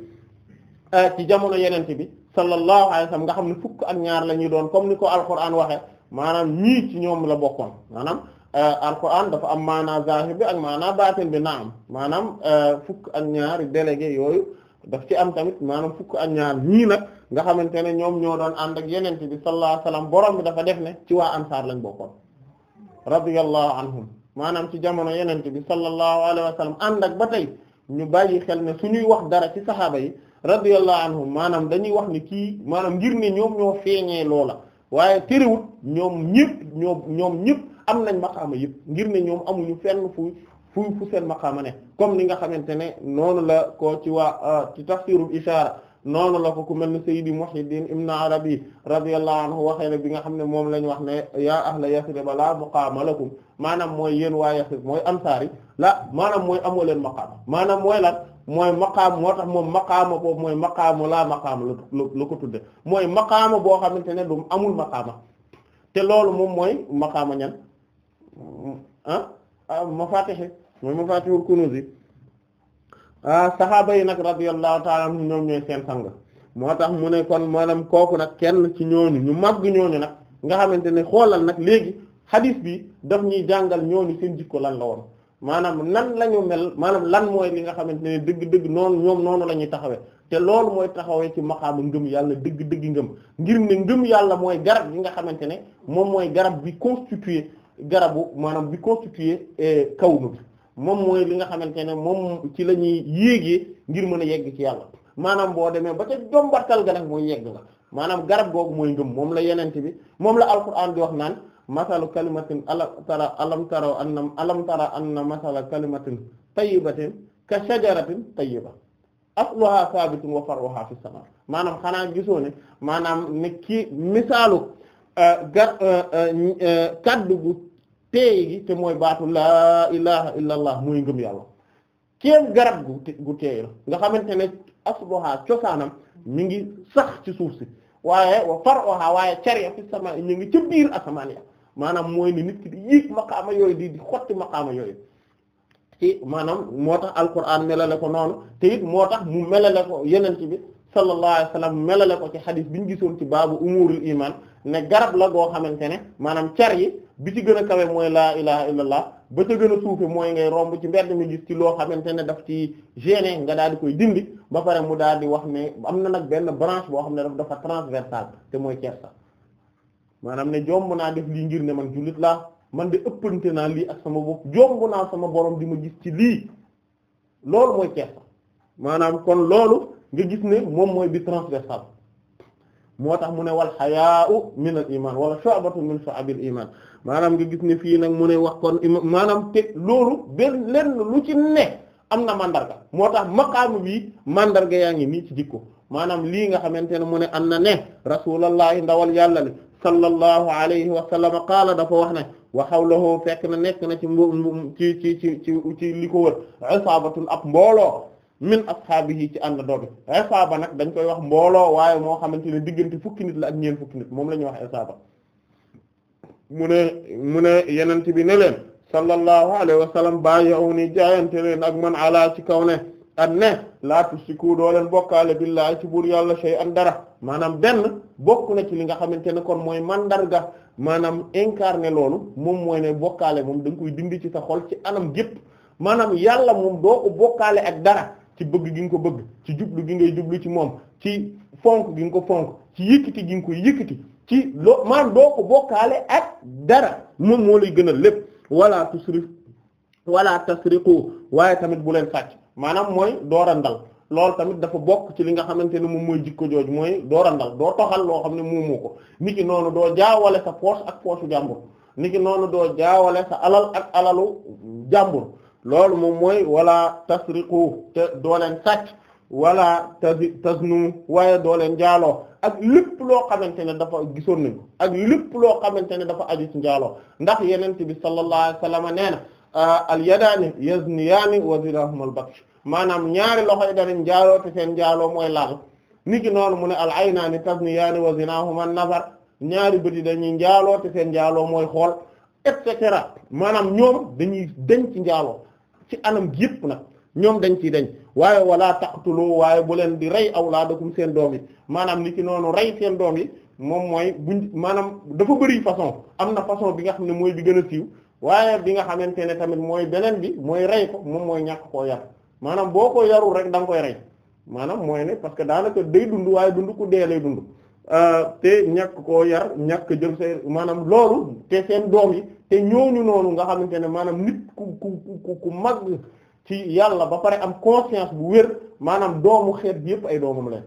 ah, ci jamono yenente bi sallallahu alayhi wa nga xam ne fukk ak ñaar la ñuy doon comme ni ko alquran waxe maanaam ñii ci ñoom la bokkoon maanaam euh, alquran dafa am maanaa zahir bi ak maanaam baatin bi naam maanaam euh, fukk ak ñaari délégué yooyu daf ci am tamit maanaam fukk ak ñaar ñii nag nga xamante ne ñoom ñoo doon ànd ak yeneen bi sallallahu alayhi borom bi dafa def ne ci waa ansaar lañ bokkoon radiyallahu anhum maanaam ci jamono yeneen bi sallallahu alayhi wa sallam ànd ak ba tey ñu bàyyi xel ne su ñuy wax dara ci saxaaba yi radiyallahu anhum maanaam dañuy wax ni kii maanaam ngir ne ñoom ñoo feeñee loola waaye terewut ñoom ñëpp ñoom ñoom ñëpp am nañ maqaama yëpp ngir ne ñoom amuñu fenn fu fu fu seen maqaama ne comme ni nga xamante ne noonu la ko ci waa ah, ci tafsirul ishaara noonu la ko ku mel ne Sayyidi Muhyiddin Ibn Arabi radiyallahu anhu waxee ne bi nga xam ne moom la ñu wax ne yaa ahla Yasriba laa la lakum maanaam mooy yéen waa Yasrib mooy ansaari la maanaam mooy amoo leen maqaama mooy maqaam moo tax moom maqaama boobu mooy maqaamu laa maqaama la lu ko tuddee mooy maqaama boo xamante ne du amul maqaama te loolu moom mooy maqaama ñan ah, ah mafatixi mooy mafatixul kunuuz yi ah, saxaaba yi nag radiyallahu ta'ala anhum ñoom ñooy seen sang moo tax mu ne kon maanaam kooku nag kenn ci ñooñu ñu màgg ñooñu nag nga xamante ne xoolal nag léegi hadith bi daf ñuy jàngal ñooñu seen jikko lan la woon maanaam nan la ñu mel maanaam lan mooy li nga xamante ne dëgg-dëgg noonu ñoom noonu la ñuy taxawee te loolu mooy taxawee ci maxaama ngëm yàlla dëgg-dëgg ngëm ngir ne ngëm yàlla mooy garab gi nga xamante ne moom mooy garab bi constitué garabu maanaam bi constitué eh, kawnu bi moom mooy li nga xamante ne moom ci la ñuy yéegee ngir mën a yegg ci yàlla maanaam boo demee ba ca jombartal ga nag mooy yegg nga maanaam garab googu mooy ngëm moom la yenente bi moom la alquran di wax naan masalu kalimatin alam tara alam tara anna alam tara anna masala kalimatin tayyibatin ka shajaratin tayyiba asluha sabitun wa far'uha fi sama maanaam xanaa gisoo ne maanaam ne kii misaalu euh, euh, euh, kaddu gu teey gi te mooy baatu laa ilaha illa allah mooy ngëm yàlla kéem garab gu gu nga xamante ne asluha cosaanam mi ngi sax ci suuf si waaye wa far'uha waaye cari fi sama ñu ngi ci biir asamaan maanaam mooy ni nit ki di yéeg maqaama yooyu di di xotti maqaama yooyu ci maanaam moo tax alquran melale ko noonu te it moo tax mu melale ko yeneen bi sallallahu alayhi wa sallam melale ko ci xadis bi ñu gisoon ci baabu umurul iman ne garab la goo xamante ne maanaam cer yi bi ci gën a kawe mooy laa ilaha illallah ba ca gën a suufe mooy ngay romb ci mbedd mi gis ci loo xamante ne daf ci gêné nga daal di koy dindi ba pare mu daal di wax ne am na nag benn branche boo xam ne daf dafa transversale te mooy cer maanaam ne jomb naa def lii ngir ne man jullit laa man de ëppante naa lii ak sama jomb naa sama borom di ma gis ci lii loolu mooy kersa maanaam kon loolu nga gis ne moom mooy bi transversal moo tax mu ne wal xayaa'u min al iman wala shu'batun min shu'abil iman maanaam nga gis ne fii nag mu ne wax kon maanaam te loolu benn lenn lu ci ne am na mandarga moo tax maqaamu bi mandarga yaa ngi nii ci jikko maanaam lii nga xamante ne mu ne am na ne rasulallahi ndawal yàlla li sallallahu alayhi wa sallam qaala dafa wax na ne wa hawlahu fekk na nekk na ci ci ci ci ci ci li ko wër isaabatun ab mbooloo min ashaabihi ci ànd doobi isaaba nag dañ koy wax mbooloo waaye moo xamante ne diggante fukki nit la ak ñeen fukki nit moom la ñuy wax isaaba mu ne mu ne yenent bi ne leen sallallahu alayhi wa sallam bàyyi aw ni jaayante leen ak man ala ci kaw ne an ne laa tusiku doo leen bokkaale billaahi ci buur yàlla shay am dara maanaam benn bokk na ci li nga xamante ne kon mooy mandarga maanaam incarné loolu moom mooy ne bokkaale moom da koy dindi ci sa xol ci anam gépp maanaam yàlla moom doo ko bokkaale ak dara ci bëgg gi nga ko bëgg ci jublu gi ngay jublu ci moom ci fonk gi nga ko fonk ci yëkkati gi nga koy yëkkati ci loo maanaam doo ko bokkaale ak dara moom moo lay gën a lépp wala tusrif wala tasriqu waaye tamit bu leen sàcc maanaam mooy door a ndal loolu tamit dafa bokk ci li nga xamante ne moom mooy jikko jooju mooy door a ndal doo toxal loo xam ne mu ko niki noonu doo jaawale sa poche ak poche jàmbur niki noonu doo jaawale sa alal ak alalu jàmbur loolu moom mooy wala tasriqu te doo leen wala tas tasnu waaye doo leen jaaloo ak lépp loo xamante ne dafa gisoon nañ ak lépp loo xamante ne dafa aju ci njaaloo ndax yenente bi sallallahu alayhi wasallam nee na Ah, al-yadaani yazniyaani wa zilaahumaa al-batsh maanaam ñaari loxo yi danañ njaaloo te seen njaaloo mooy laal niki noonu mu ne al-aynaani tazniyaani wa zinaahumaa an-nazar ñaari bët yi dañuy njaaloo te seen njaaloo mooy xool et cetera maanaam ñoom dañuy ci njaaloo ci anam yëpp na ñoom dañ ciy denc waaye wala taqtulu waaye bu leen di rey awlaadakum seen doom yi maanaam niki noonu rey seen doom yi moom mooy buñ maanaam dafa bëri façon am na façon bi nga xam ne mooy bi gën a siiw. waaye bi nga xamante ne tamit mooy beneen bi mooy rey ko moom mooy ñàkk koo yar maanaam boo ko yarul rek da koy rey maanaam mooy ne parce que daanaka day dund waaye dund ku dee lay dund euh, te ñàkk koo yar ñàkk jël say maanaam loolu te seen doom yi te ñooñu noonu nga xamante ne maanaam nit ku ku ku ku mag ci yàlla ba pare am conscience bu wér maanaam doomu xeet bi yépp ay doomam la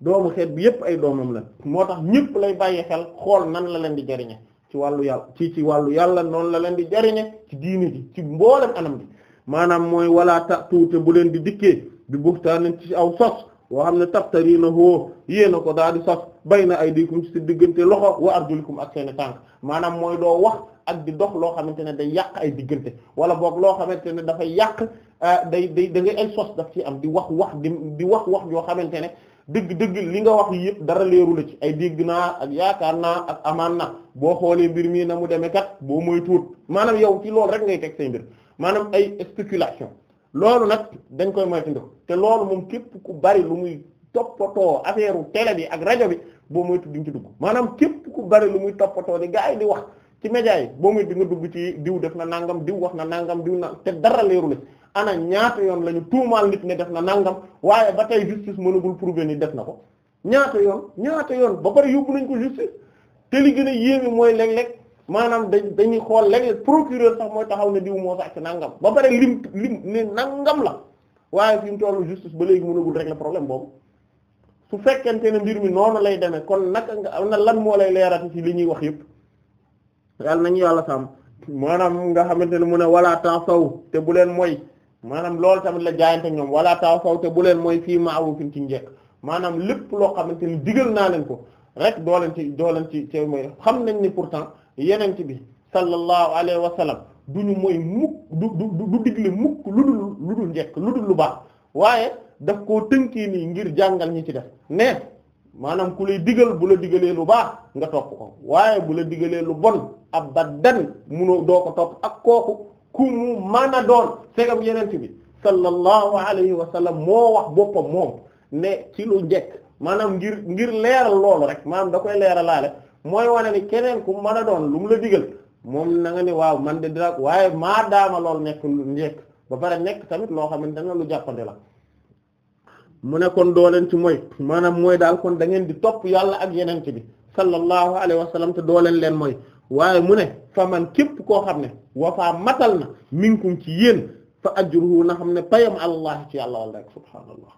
doomu xeet bi yépp ay doomam la moo tax ñépp lay bàyyi xel xool nan la leen di jariñe ci wàllu yàlla ci ci wàllu yàlla noonu la leen di jariñe ci diini ji ci mboolem anam bi maanaam mooy wala ta tuute bu leen di dikkee bi buxtaanin ci aw sos woo xam ne tabtari na hoo yéen a ko daal di sos bay na ay diikum ci diggante loxo wa arjulikum ak seeni tànk maanaam mooy doo wax ak di dox loo xamante ne day yàq ay diggante wala boog loo xamante ne dafay yàq ah, day day da ngay ay sos daf ci am di wax wax di di wax wax yoo xamante ne dëgg-dëgg li nga wax yëpp dara leeru la ci ay dégg naa ak yaakaar naa ak amaan na boo xoolee mbir mii na mu demee kat boo mooy tuut maanaam yow ci loolu rek ngay teg say mbir maanaam ay spéculation loolu nag dañ koy moytandiku te loolu moom képp ku bari lu muy toppatoo affaire télé bi ak rajo bi boo moytu duñ ci dugg maanaam képp ku bari lu muy toppatoo di gaa yi di wax. ci média yi boo muy di nga dugg ci diw def na nangam diw wax na nangam diw na te dara leeru la ana ñaata yoon la ñu tuumaal nit ne def na nangam waaye ba tey justice mënagul prouver ni def na ko ñaata yoon ñaata yoon ba pare yóbbu nañ ko justice te li gën a yéeme mooy léeg-léeg maanaam dañ dañuy xool léeg-léeg procureur sax mooy taxaw ne diw moo sàcc nangam ba pare lim lim ne nangam la waaye fi mu tollu justice ba léegi mënagul régler problème boobu su fekkente ne mbir mi noonu lay demee kon naka nga am na lan moo lay leerati ci li ñuy wax yëpp yàlla nañu yàlla sàmm maanaam nga xamante ne mu ne wala tasaw te bu leen mooy maanaam loolu tamit la jaayante ñoom wala tasaw te bu leen mooy fii ma'rufin ci njekk maanaam lépp loo xamante ni digal naa leen ko rek doo ci doo ci ci mooy xam nañ ni pourtant yenent bi sallallahu alayhi wa sallam du ñu mooy mukk du du digle mukk lu dul lu dul njekk lu dul lu baax waaye daf koo tënkee nii ngir jàngal ñi ci def mais maanaam ku lay digal bu la digalee lu baax nga topp ko waaye bu la digalee lu bon abadan munoo doo ko topp ak kooku ku mu mën a doon segam yenent bi sallallahu alayhi wa sallam moo wax boppam moom ne ci lu njëkk maanaam ngir ngir leeral loolu rek maanaam da koy leeralaale mooy wane ni keneen ku mën a doon lu mu la digal moom na nga ne waaw man de dara waaye maa daama lool nekk njekk ba pare nekk tamit loo xamante ne lu jàppandi la mu ne kon doo ci moy maanaam mooy daal kon dangeen di topp yàlla ak yenente bi sallallahu alayhi wa sallam te dooleen leen leen mooy waaye mu ne fa man képp koo xam ne wafaa matal na minkum ci yéen fa ajruhu na xam ne payam allah ci yàlla wala rek subhaanallah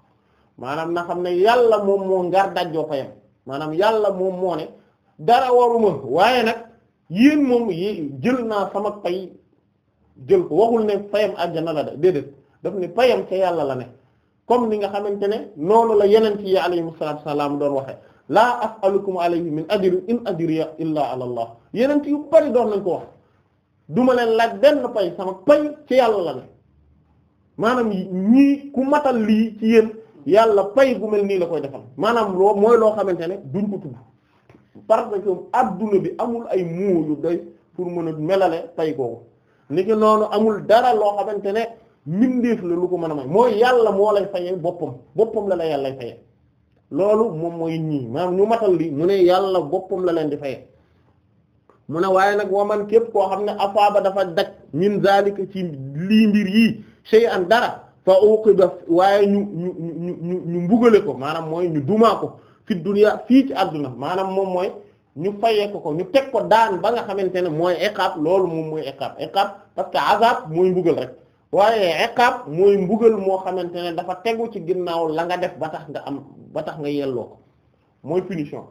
maanaam na xam ne yàlla moom moo ngar dajjoo payam maanaam yàlla moom moo dara waruma waaye nag yéen moom yi jël naa sama pay jël ko waxul ne payam àjjana la de déedéet daf ne payam ca yàlla la ne comme ni nga xamante ne noonu la yeneen yi alayhimu salaatu salaam doon waxee laa as'alukum alayhi min ajrin in ajriya illa ala allah yeneen yu bari doon nañ ko wax duma leen laaj benn pay sama pay ci yàlla la ne maanaam ñii ku matal lii ci yéen yàlla pay gu mel nii la koy defal maanaam loo mooy loo xamante ne duñ ko tudd parce que adduna bi amul ay muuyu doy pour mën a melale pay googu niki noonu amul dara loo xamante ne. mbindeef la lu ko mën a may mooy yàlla moo lay fayee boppam boppam la la yàlla fayee loolu moom mooy ñii maanaam ñu matal lii mu ne yàlla boppam la leen di fayee mu ne waaye nag waman képp koo xam ne afaaba dafa daj min zalika ci lii mbir yii an dara fa uqiba waaye ñu ñu ñu ñu ñu mbugale ko maanaam mooy ñu dumaa ko fi dunya fii ci àdduna maanaam moom mooy ñu fayee ko ko ñu teg ko daan ba nga xamante ne mooy iqaab loolu moom mooy iqaab iqaab parce que azab mooy mbugal rek waaye iqaab mooy mbugal moo xamante ne dafa tegu ci ginnaaw la nga def ba tax nga am ba tax nga yelloo ko mooy punition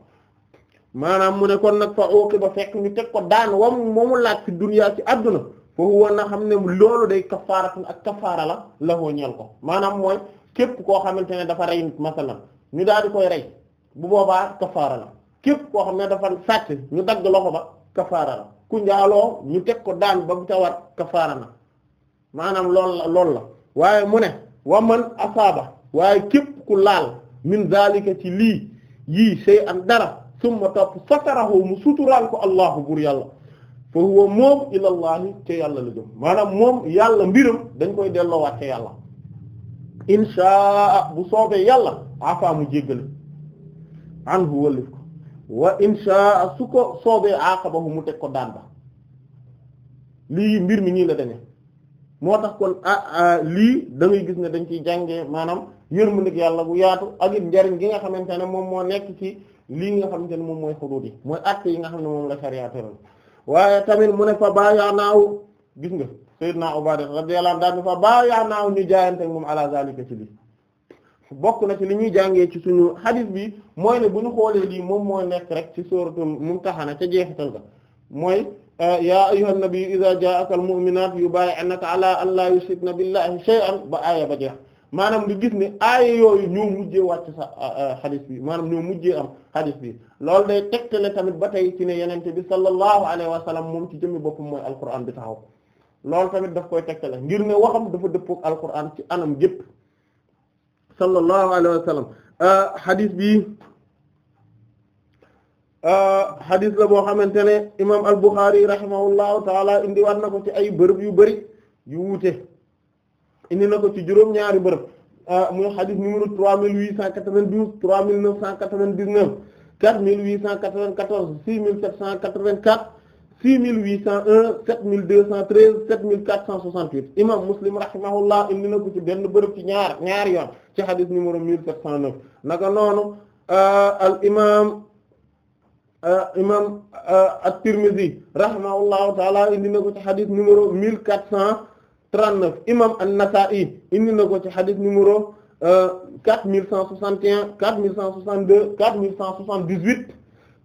maanaam mu ne kon nag fa uqiba fekk ñu teg ko daan wam moomu laat ci duniyaa ci àdduna foofu woon na xam ne loolu day kafaaratun ak kafaara la lahoo ñeel ko maanaam mooy képp koo xamante ne dafa rey nit masalan ñu daal di koy rey bu boobaa kafaara la képp koo xam ne dafa sàcc ñu dagg loxo ba kafaara la ku njaaloo ñu teg ko daan ba mu ca war kafaara na maanaam lool la lool la waaye mu ne wa man asaaba waaye képp ku laal min zalika ci lii yii sey an dara summa topp satarahu mu suturaal ko allahu bur yàlla fa huwa moom ilallahi ca yàlla la jëm maanaam moom yàlla mbiram dañ koy delloowaat ca yàlla inshaa bu soobee yàlla afa mu jéggale anhu wallif ko wa inshaa su ko soobee aqabahu mu teg ko daan lii mbir mi nii la demee moo tax kon ah, ah lii da gis ne dañ ciy jànge maanaam mu yërmandeeg yàlla bu yaatu ak njariñ gi nga xamante ne moom moo nekk ci lii nga xamante ne moom mooy xuduud yi mooy acte yi nga ne moom la sariya tëral waaye tamit mu ne fa baayaanaaw gis nga sayyidna Ubaada radiyallahu anhu daal fa baayaanaaw ñu jaayante moom ala zalika ci lii bokk na ci li ñuy jàngee ci suñu xadis bi mooy ne bu ñu xoolee lii moom moo nekk rek ci mu Mumtahana ca jeexital ga mooy. Eh, yaa ayyuhan a idhaa jaa'aka al-mu'minaatu yubaayi'naka alaa an la yushrikna billaahi shay'an ba aaya ba jeex maanaam nga gis ne aaya yooyu ñoo mujjee wàcc sa eh, eh, xadis bi maanaam ñoo mujjee am xadis bi lool day tegtale tamit ba tey ci ne yenente bi sallallahu alayhi wa sallam moom ci jëmmi boppam mooy alquran bi taxaw lool tamit daf koy tegtale ngir ne waxam dafa dëppook alquran ci anam gépp sallallahu alayhi wa sallam bi xadis euh, la boo xamante ne imaam al-Bukhari rahimahullahu taala indiwaat na ko ci ay bërëb yu bëri yu wuute indi na ko ci juróom-ñaari bërëb euh, muy xadis numéro 3892 3999 4894 6784 6801 7213 7468 imam Muslim rahimahullah indi na ko ci benn bërëb ci ñaar ñaari yoon ci xadis numéro 1709 naka noonu euh, al imaam. imam at-Tirmidhi rahimahullahu taala indi na ko ci xadis numéro mille quatre cent trente-neuf imam an-Nasa'i indi na ko ci xadis numéro euh, quatre mille cent soixante et un quatre mille cent soixante-deux quatre mille cent soixante-dix-huit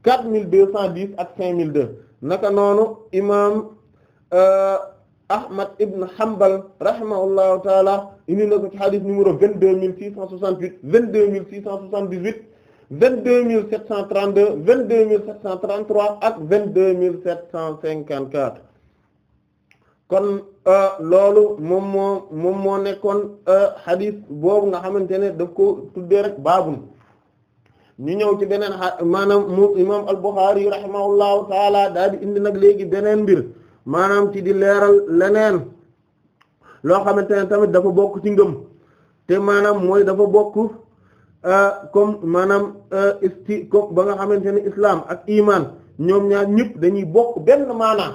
quatre mille deux cent dix ak cinq mille deux naka noonu imam euh, Ahmad ibn Hanbal rahimahullahu taala indi na ko ci xadis numéro vingt-deux mille six cent soixante-huit vingt-deux mille six cent soixante-dix-huit vingt-deux mille sept cent trente-deux vingt-deux mille sept cent trois ak vingt-deux mille sept cent cinquante-quatre kon euh, loolu moom moo moom moo nekkoon euh, xadis boobu nga xamante ne daf ko tuddee rek baabul ñu ñëw ci beneen maanaam mu imam al-Bukhari rahimahullahu taala daal di indi nag léegi beneen mbir maanaam ci di leeral leneen loo xamante ne tamit dafa bokk ci ngëm te maanaam mooy dafa bokk Euh, comme maanaam euh, isti comme ba nga xamante ne islam ak iman ñoom ñaar ñëpp dañuy bokk benn maanaam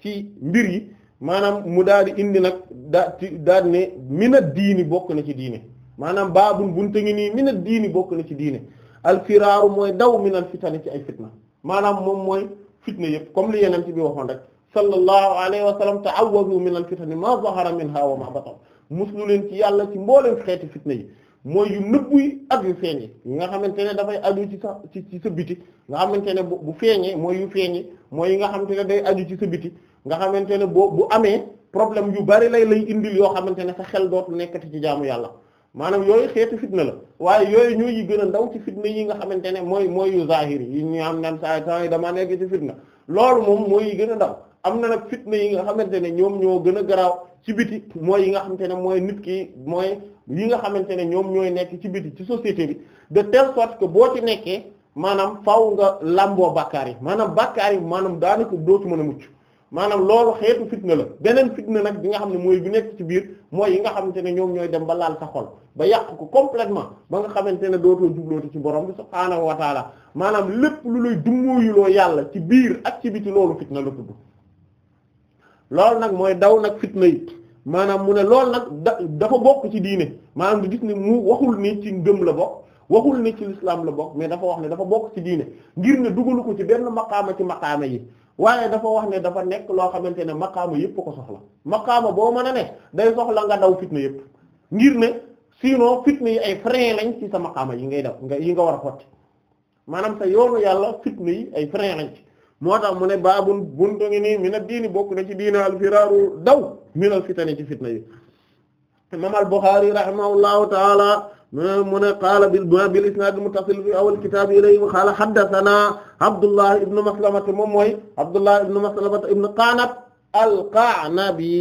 ci mbir yi maanaam mu daal di indi nag daa ci daal ne mina diini bokk na ci diine maanaam baabun bunte ngi nii mina diini bokk na ci diine alfiraaru mooy daw minal fitani ci ay fitna maanaam moom mooy fitna yëpp comme li yeneen ci bi waxoon rek sallallahu alayhi wa sallam ta'awwazu minal fitani ma zahara minha wa ma batal muslu leen ci yàlla ci mbooleem xeeti fitna yi mooy yu nëbbu yi ak yu feeñee nga xamante ne dafay aju ci sa ci ci sa biti nga xamante ne bu feeñee mooy yu feeñee mooy yi nga xamante ne day aju ci sa biti nga xamante ne boo bu amee problème yu bari lay lay indil yoo xamante ne sa xel dootu nekkati ci jaamu yàlla maanaam yooyu xeetu fitna la waaye yooyu ñoo yi gën a ndaw ci fitna yi nga xamante ne mooy mooy yu zahiri yi ñu am naan saa yi damaa nekk ci fitna loolu moom mooy yi gën a ndaw. am na nag fitna yi nga xamante ne ñoom ñoo gën a garaaw ci biti mooy yi nga xamante ne mooy nit ki mooy yi nga xamante ne ñoom ñooy nekk ci biti ci société bi de telle sorte que boo ci nekkee maanaam faw nga làmboo bàkkaar yi maanaam bàkkaar yi maanaam daanaka dootu mën a mucc maanaam loolu xeetu fitna la beneen fitna nag bi nga xam ne mooy bu nekk ci biir mooy yi nga xamante ne ñoom ñooy dem ba laal sa xol ba yàq ko complètement ba nga xamante ne dootoo jublooti ci borom bi subhaanahu wa taala maanaam lépp lu lay dummóoyuloo yàlla ci biir ak ci biti loolu fitna la loolu nag mooy daw nag fitna yi maanaam mu ne lool nag da dafa bokk ci diine maanaam nga gis ne mu waxul ni ci ngëm la bokk waxul ni ci lislaam la bokk mais dafa wax ne dafa bokk ci diine ngir ne dugalu ko ci benn maqaama ci maqaama yi waaye dafa wax ne dafa nekk loo xamante ne maqaama yépp ko soxla maqaama boo mën a ne day soxla nga daw fitna yépp ngir ne sinon fitna yi ay frein lañ ci sa maqaama yi ngay daw nga yi nga war a xotti maanaam sa yoonu yàlla fitna yi ay frein lañ moo tax mu ne baabun buntu ngi nii mina diini bokk na ci diina al firaaru daw minal fitani ci fitna yi imam al Bukhari rahimahullahu taala mu ne qaala bil bil isnaad muttasil fi awal kitaab ilayhi wa qaala haddasanaa Abdullah ibn Maslamata moom mooy Abdullah ibn Maslamata ibn Qanab al-Qa'nabi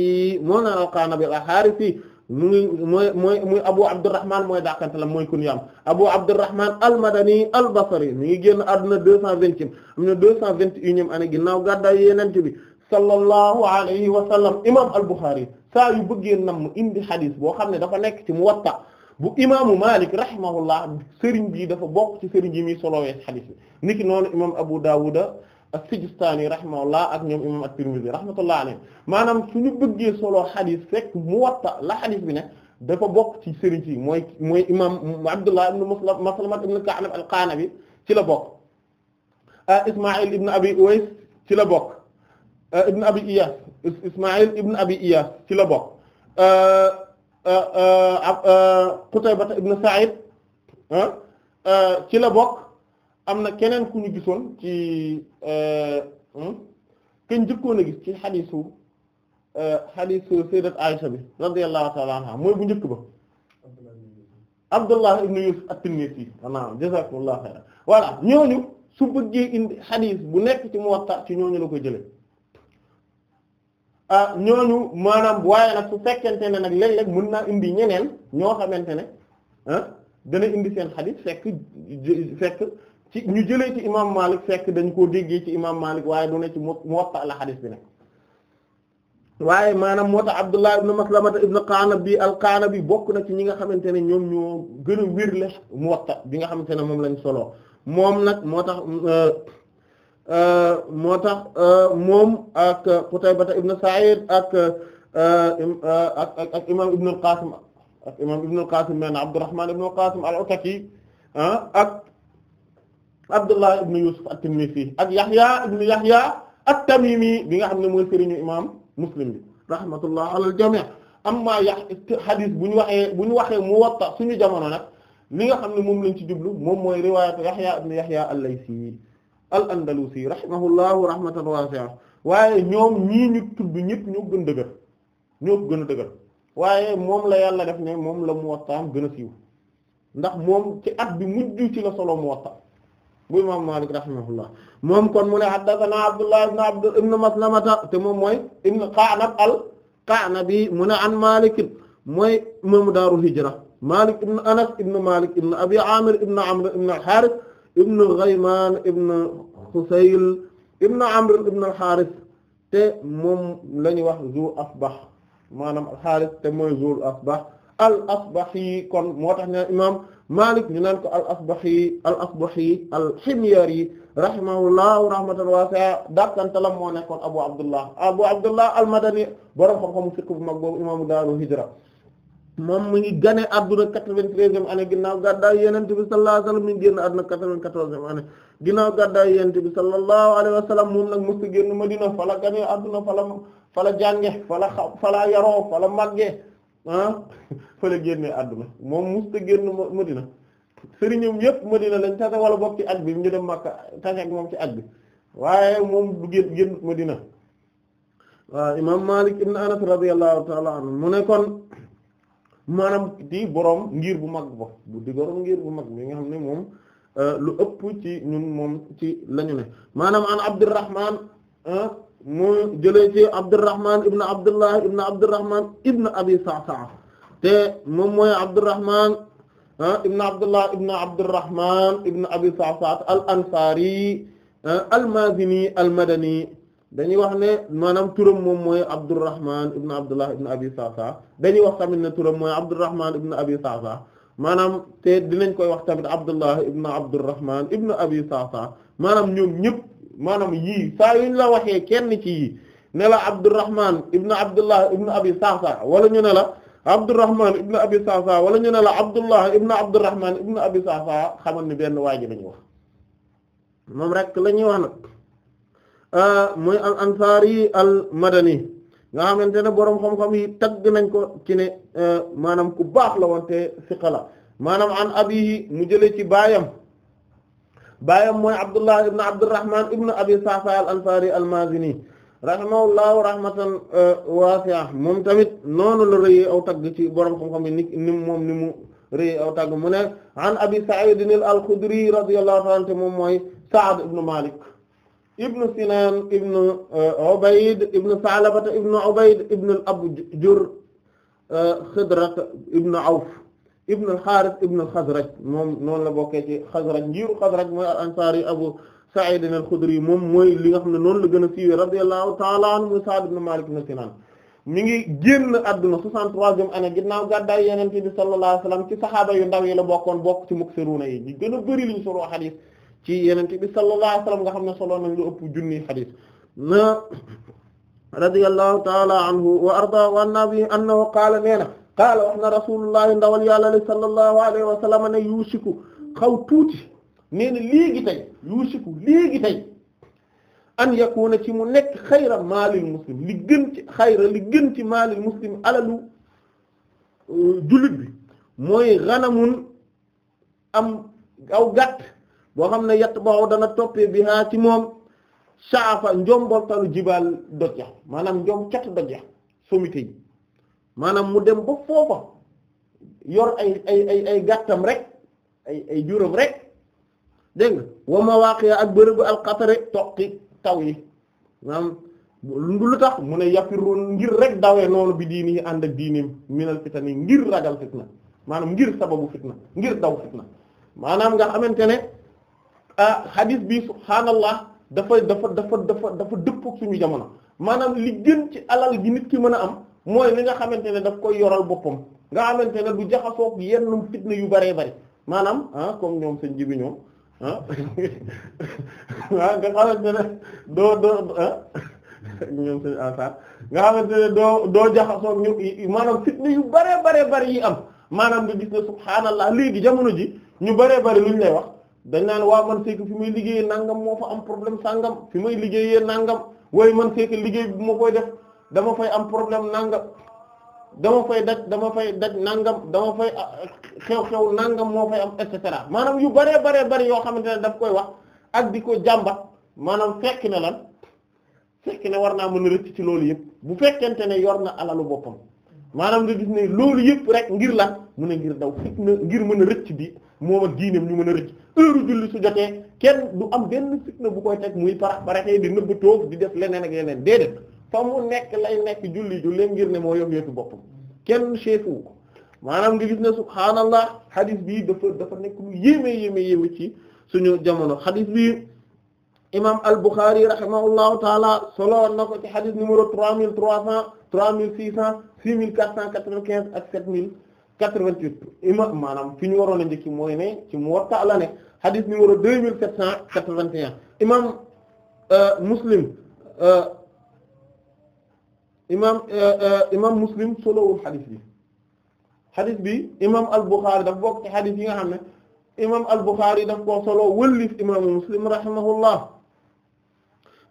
moo na al-Qa'nabi al-Haarisi mu ngi mooy mooy muy Abu Abdurrahman mooy dàqante la mooy kunyaam Abu Abdurrahman al-Madani al-Basri mi ngi génn àdduna deux cent vingtième am na deux cent vingt et unième année ginnaaw gàddaay Yonent bi sallallahu alayhi wa sallam imaam al-Bukhari saa yu bëggee nam indi xadis boo xam ne dafa nekk ci Muwatta bu imaamu Malik rahimahullah sëriñ bii dafa bokk ci sëriñ yi muy solowee xadis bi niki noonu imaam Abu Dawuda as-Sijistaani rahimahullah ak ñoom imam at-Tirmidhi rahmatullah alayhi maanaam suñu bëggee solo xadis fekk Muwatta la xadis bi ne dafa bokk ci sëriñ yi mooy mooy imam Abdullah ibn Maslama ibn Ka'b al-Qanabi ci la bokk ah, Isma'il ibn Abi Uways ci la bokk ah, ibn Abi Iyas Isma'il ibn Abi Iyas ci la bokk ah, Qutayba ibn Sa'id ci la bokk am na keneen ku ñu gisoon ci euh, hmm? kenn njëkkoon a gis ci xadiisu euh, xadiisu sayyidat Aisha bi radiyallahu ta'ala anha mooy bu njëkk ba Abdullah ibn Yusuf at-Tinnisi naam jazakumullahu khayran voilà ñooñu su bëggee indi xadiis bu nekk ci Muwatta ci ñooñu la koy jële ah ñooñu maanaam bu waaye nag su fekkente ne nag léeg-léeg mën naa indi ñeneen ñoo xamante ne ah dana indi seen xadiis fekk ci ñu jëlee ci imam Malik fekk dañ koo déggee ci imam Malik waaye du ne ci Muwatta la xadis bi ne waaye maanaam moo tax Abdullah ibn Maslamata ibn Qanabi al-Qanabi bokk na ci ñi nga xamante ne ñoom ñoo gën a wirle Muwatta bi nga xamante ne moom lañu solo moom nag moo tax euh, euh, moo tax euh, moom ak Qutaybata ibn Sa'id ak ak ak imam ibn al-Qasim ak imam ibn al al-Qasim ah, ak Abdullah ibn Yusuf at-Tinnisi ak Yahya ibn Yahya at-Tamimi bi nga xam ne mooy sëriñu imam Muslim bi rahmatullah ala al-jami' amma ya hadith bu ñu waxee bu ñu waxee Muwatta suñu jamono nag li nga xam ne moom lañ ci jublu moom mooy riwaayatu Yahya ibn Yahya al-Laysi al-Andalusi rahimahullahu rahmatan wasi'a waaye ñoom ñii ñu tudd ñëpp ñoo gën dëgër ñoo gën a dëgër waaye moom la yàlla def ne moom la Muwatta am gën a siiw ndax moom ci at bi mujj ci la solo Muwatta bu imam Malik rahimahullah moom kon mu ne haddathana Abdullah ibn Abd ibn Maslamata te moom mooy ibn Qa'nab al-Qa'nabi mu ne an Malik mooy imaamu daarul hijra Malik ibn Anas ibn Malik ibn Abi Amir ibn Amr ibn al-Harith ibn Ghayman ibn Khusayl ibn Amr ibn al-Harith te moom la ñuy wax zu asbah maanaam al-Harith te mooy zu asbah al-Asbahi kon moo tax ne imam Malik ñu naan ko al asbahi al asbahi al himyari rahimahullahu rahmatan wasi'a dakkantalam moo nekkoon Abu Abdullah Abu Abdullah al madani borom xam-xamu fiqh bu mag boobu imaamu daaru hijra moom mu ngi gane adduna quatre-vingt-treizième année ginnaaw gàddaay yonent bi sallallahu alayhi wa sallam mi ngi génn adduna quatre-vingt-quatorzième année ginnaaw gàddaay yonent bi sallallahu alayhi wa sallam moom nag musta génn Madina fala gane adduna fala fala jànge fala yaroo fala màgge Ah, fa la génnee àdduna moom musta génn Madina sëriñam yépp Madina lañ tase wala bokk ci at bi ñu dem Makka tase moom ci at bi waaye moom du génn génn Madina waaw imam Malik Anas radiyallahu ta'ala anhu mu ne kon maanaam di boroom ngir bu mag ba di boroom ngir bu mag bi nga xam ne moom euh, lu ëpp ci ñun moom ci lañu ne maanaam an Abdurrahman ah, mu jëlee ci Abdurrahman ibn Abdullah ibn Abdurrahman ibn Abi Sa'sa'a te moom mooy Abdurrahman ah, ibn Abdullah ibn Abdurrahman ibn Abi Sa'sa'a al-Ansari ah, al-Mazini al-Madani dañuy wax ne maanaam turam moom mooy Abdurrahman ibn Abdullah ibn Abi Sa'sa'a dañuy wax tamit ne turam mooy Abdurrahman ibn Abi Sa'sa'a maanaam te dinañ koy wax tamit Abdullah ibn Abdurrahman ibn Abi Sa'sa'a maanaam ñoom ñëpp. maanaam yii saa yuñ la waxee kenn ci yii ne la Abdurrahman ibn Abdullah ibn Abi Sa'sa wala ñu ne la Abdurrahman ibn Abi Sa'sa wala ñu ne la Abdullah ibn Abdurrahman ibn Abi Sa'sa xamal ni benn waa ji la ñu wax moom rek la ñuy wax nag ah, muy al ansari al madani nga xamante ne boroom xam-xam yi tagg nañ ko ci ne ah, maanaam ku baax la wante siqa la maanaam an abi mu jëlee ci baayam baayam mooy Abdullah ibn Abdurrahman ibn Abi Sa'sa al-Ansari al-Mazini rahimahullahu rahmatan euh, wasi'a moom tamit noonu la rëyee aw tagg ci borom xam-xam ni ni moom ni mu rëyee aw tagg mu ne an Abi Sa'id al-Khudri radiyallahu anhu te moom mooy Sa'd ibn Malik ibn Sinan ibn euh, Ubayd ibn Sa'labata ibn Ubayd ibn al-Abjar euh, Khidrat ibn Awf ibn al-Harith ibn al-Khazraj moom noonu la bokkee ci Khazraj njiiru Khazraj mooy al-Ansari Abu Sa'id al-Khudri moom mooy li nga xam ne noonu la gën a siiwee radiyallahu ta'ala anhu Sa'd ibn Malik ibn Sinan mi ngi génn adduna 63e année ginnaaw gàddaay Yonent bi sallallahu alayhi wasallam ci saxaaba yu ndaw yi la bokkoon bokk ci muksiruuna yi ñu gën a bëri li ñu solo xadis ci Yonent bi sallallahu alayhi wasallam nga xam ne solo nañ lu ëpp junni xadis na radiyallahu ta'ala anhu wa arda wa annabi annahu qaala nee na qaala wax na rasulullah ndawal yàlla li sallallahu alayhi wa sallam ne yuusiku xaw tuuti nee na léegi tey yuusiku léegi an yakuna ci mu nekk xayra maalil muslim li gën ci xayra li gën ci maalil muslim alalu euh, jullit bi mooy xanamun am aw gàtt boo xam ne yett boobu dana toppee bi haa ci moom saafa njomboltalu jibaal doj ya maanaam njom cat doj ya sommité yi maanaam mu dem ba foofa yor ay gàttam rek ay ay juróom rek dégg nga wa mawaqi ak bërëbu alqatare toqi taw yi maanaam lu lu tax mu ne yafiroon ngir rek dawee noonu bi diini yi ànd ak diinim minal fitna yi ngir ragal fitna maanaam ngir sababu fitna ngir daw fitna maanaam nga xamante ne a ah, hadis bi subhaanallah dafa dafa dafa dafa dafa dëpp suñu jamono maanaam li ci alal gi nit ki mën a am mooy li nga xamante ne daf koy yoral boppam nga xamante ne du jaxasoo yenn fitna yu bëree bëri maanaam ah comme ñoom seen jibi ñoom ah, [laughs] ah nga xamante ne doo doo ah [laughs] ñoom seen nga xamante ne doo doo jaxasoo ñu maanaam fitna yu bëree bëree bari yi am maanaam nga gis ne subhaanallah léegi jamono ji ñu bare bëri lu ñu lay wax dañ naan waa man c'est que fi may liggéeyee nangam moo fa am problème sangam fi may liggéeyee nangam waaye man c'est liggéey bi moo koy def. dama fay am problème nangam dama fay daj dama fay daj nangam dama fay xew-xew ah, nangam moo fay am et cetera maanaam yu baree baree bari yoo xamante ne daf koy wax ak di ko jàmbat maanaam fekk na lan fekk na war naa mën a rëcc ci loolu yëpp bu fekkente ne yor na alalu boppam maanaam nga gis ne loolu yëpp rek ngir lan mu ne ngir daw fekk na ngir mën a rëcc bi moom ak diineem ñu mën a rëcc heure julli su kenn du am benn na bu koy teg muy parax paraxee di nëbb toog di def leneen ak leneen déedéet fa nekk lay nekk julli ju leen ngir ne moo yom yeetu boppam kenn cheefu ko maanaam nga gis ne subhaanallah xadis bii dafa dafa nekk lu yéeme yéeme yéeme ci suñu jamono bi bii imam al-Bukhari rahimahullahu taala solo na ko ci xadis numéro trois mille trois cent trois mille six cent six mille quatre cent quatre-vingt-quinze ak sept mille quatre-vingt-huit imam ñu waroon a njëkk mooy ne ci Muwatta la ne xadis numéro deux mille sept cent quatre vingt imam euh, Muslim euh, imaam eh, eh, imaam muslim solowul xadis bi xadis bi imaam al-Bukhari daf bokk ci xadis yi nga xam ne imaam al-Bukhari daf koo solo wëllif imaamu muslim rahimahullah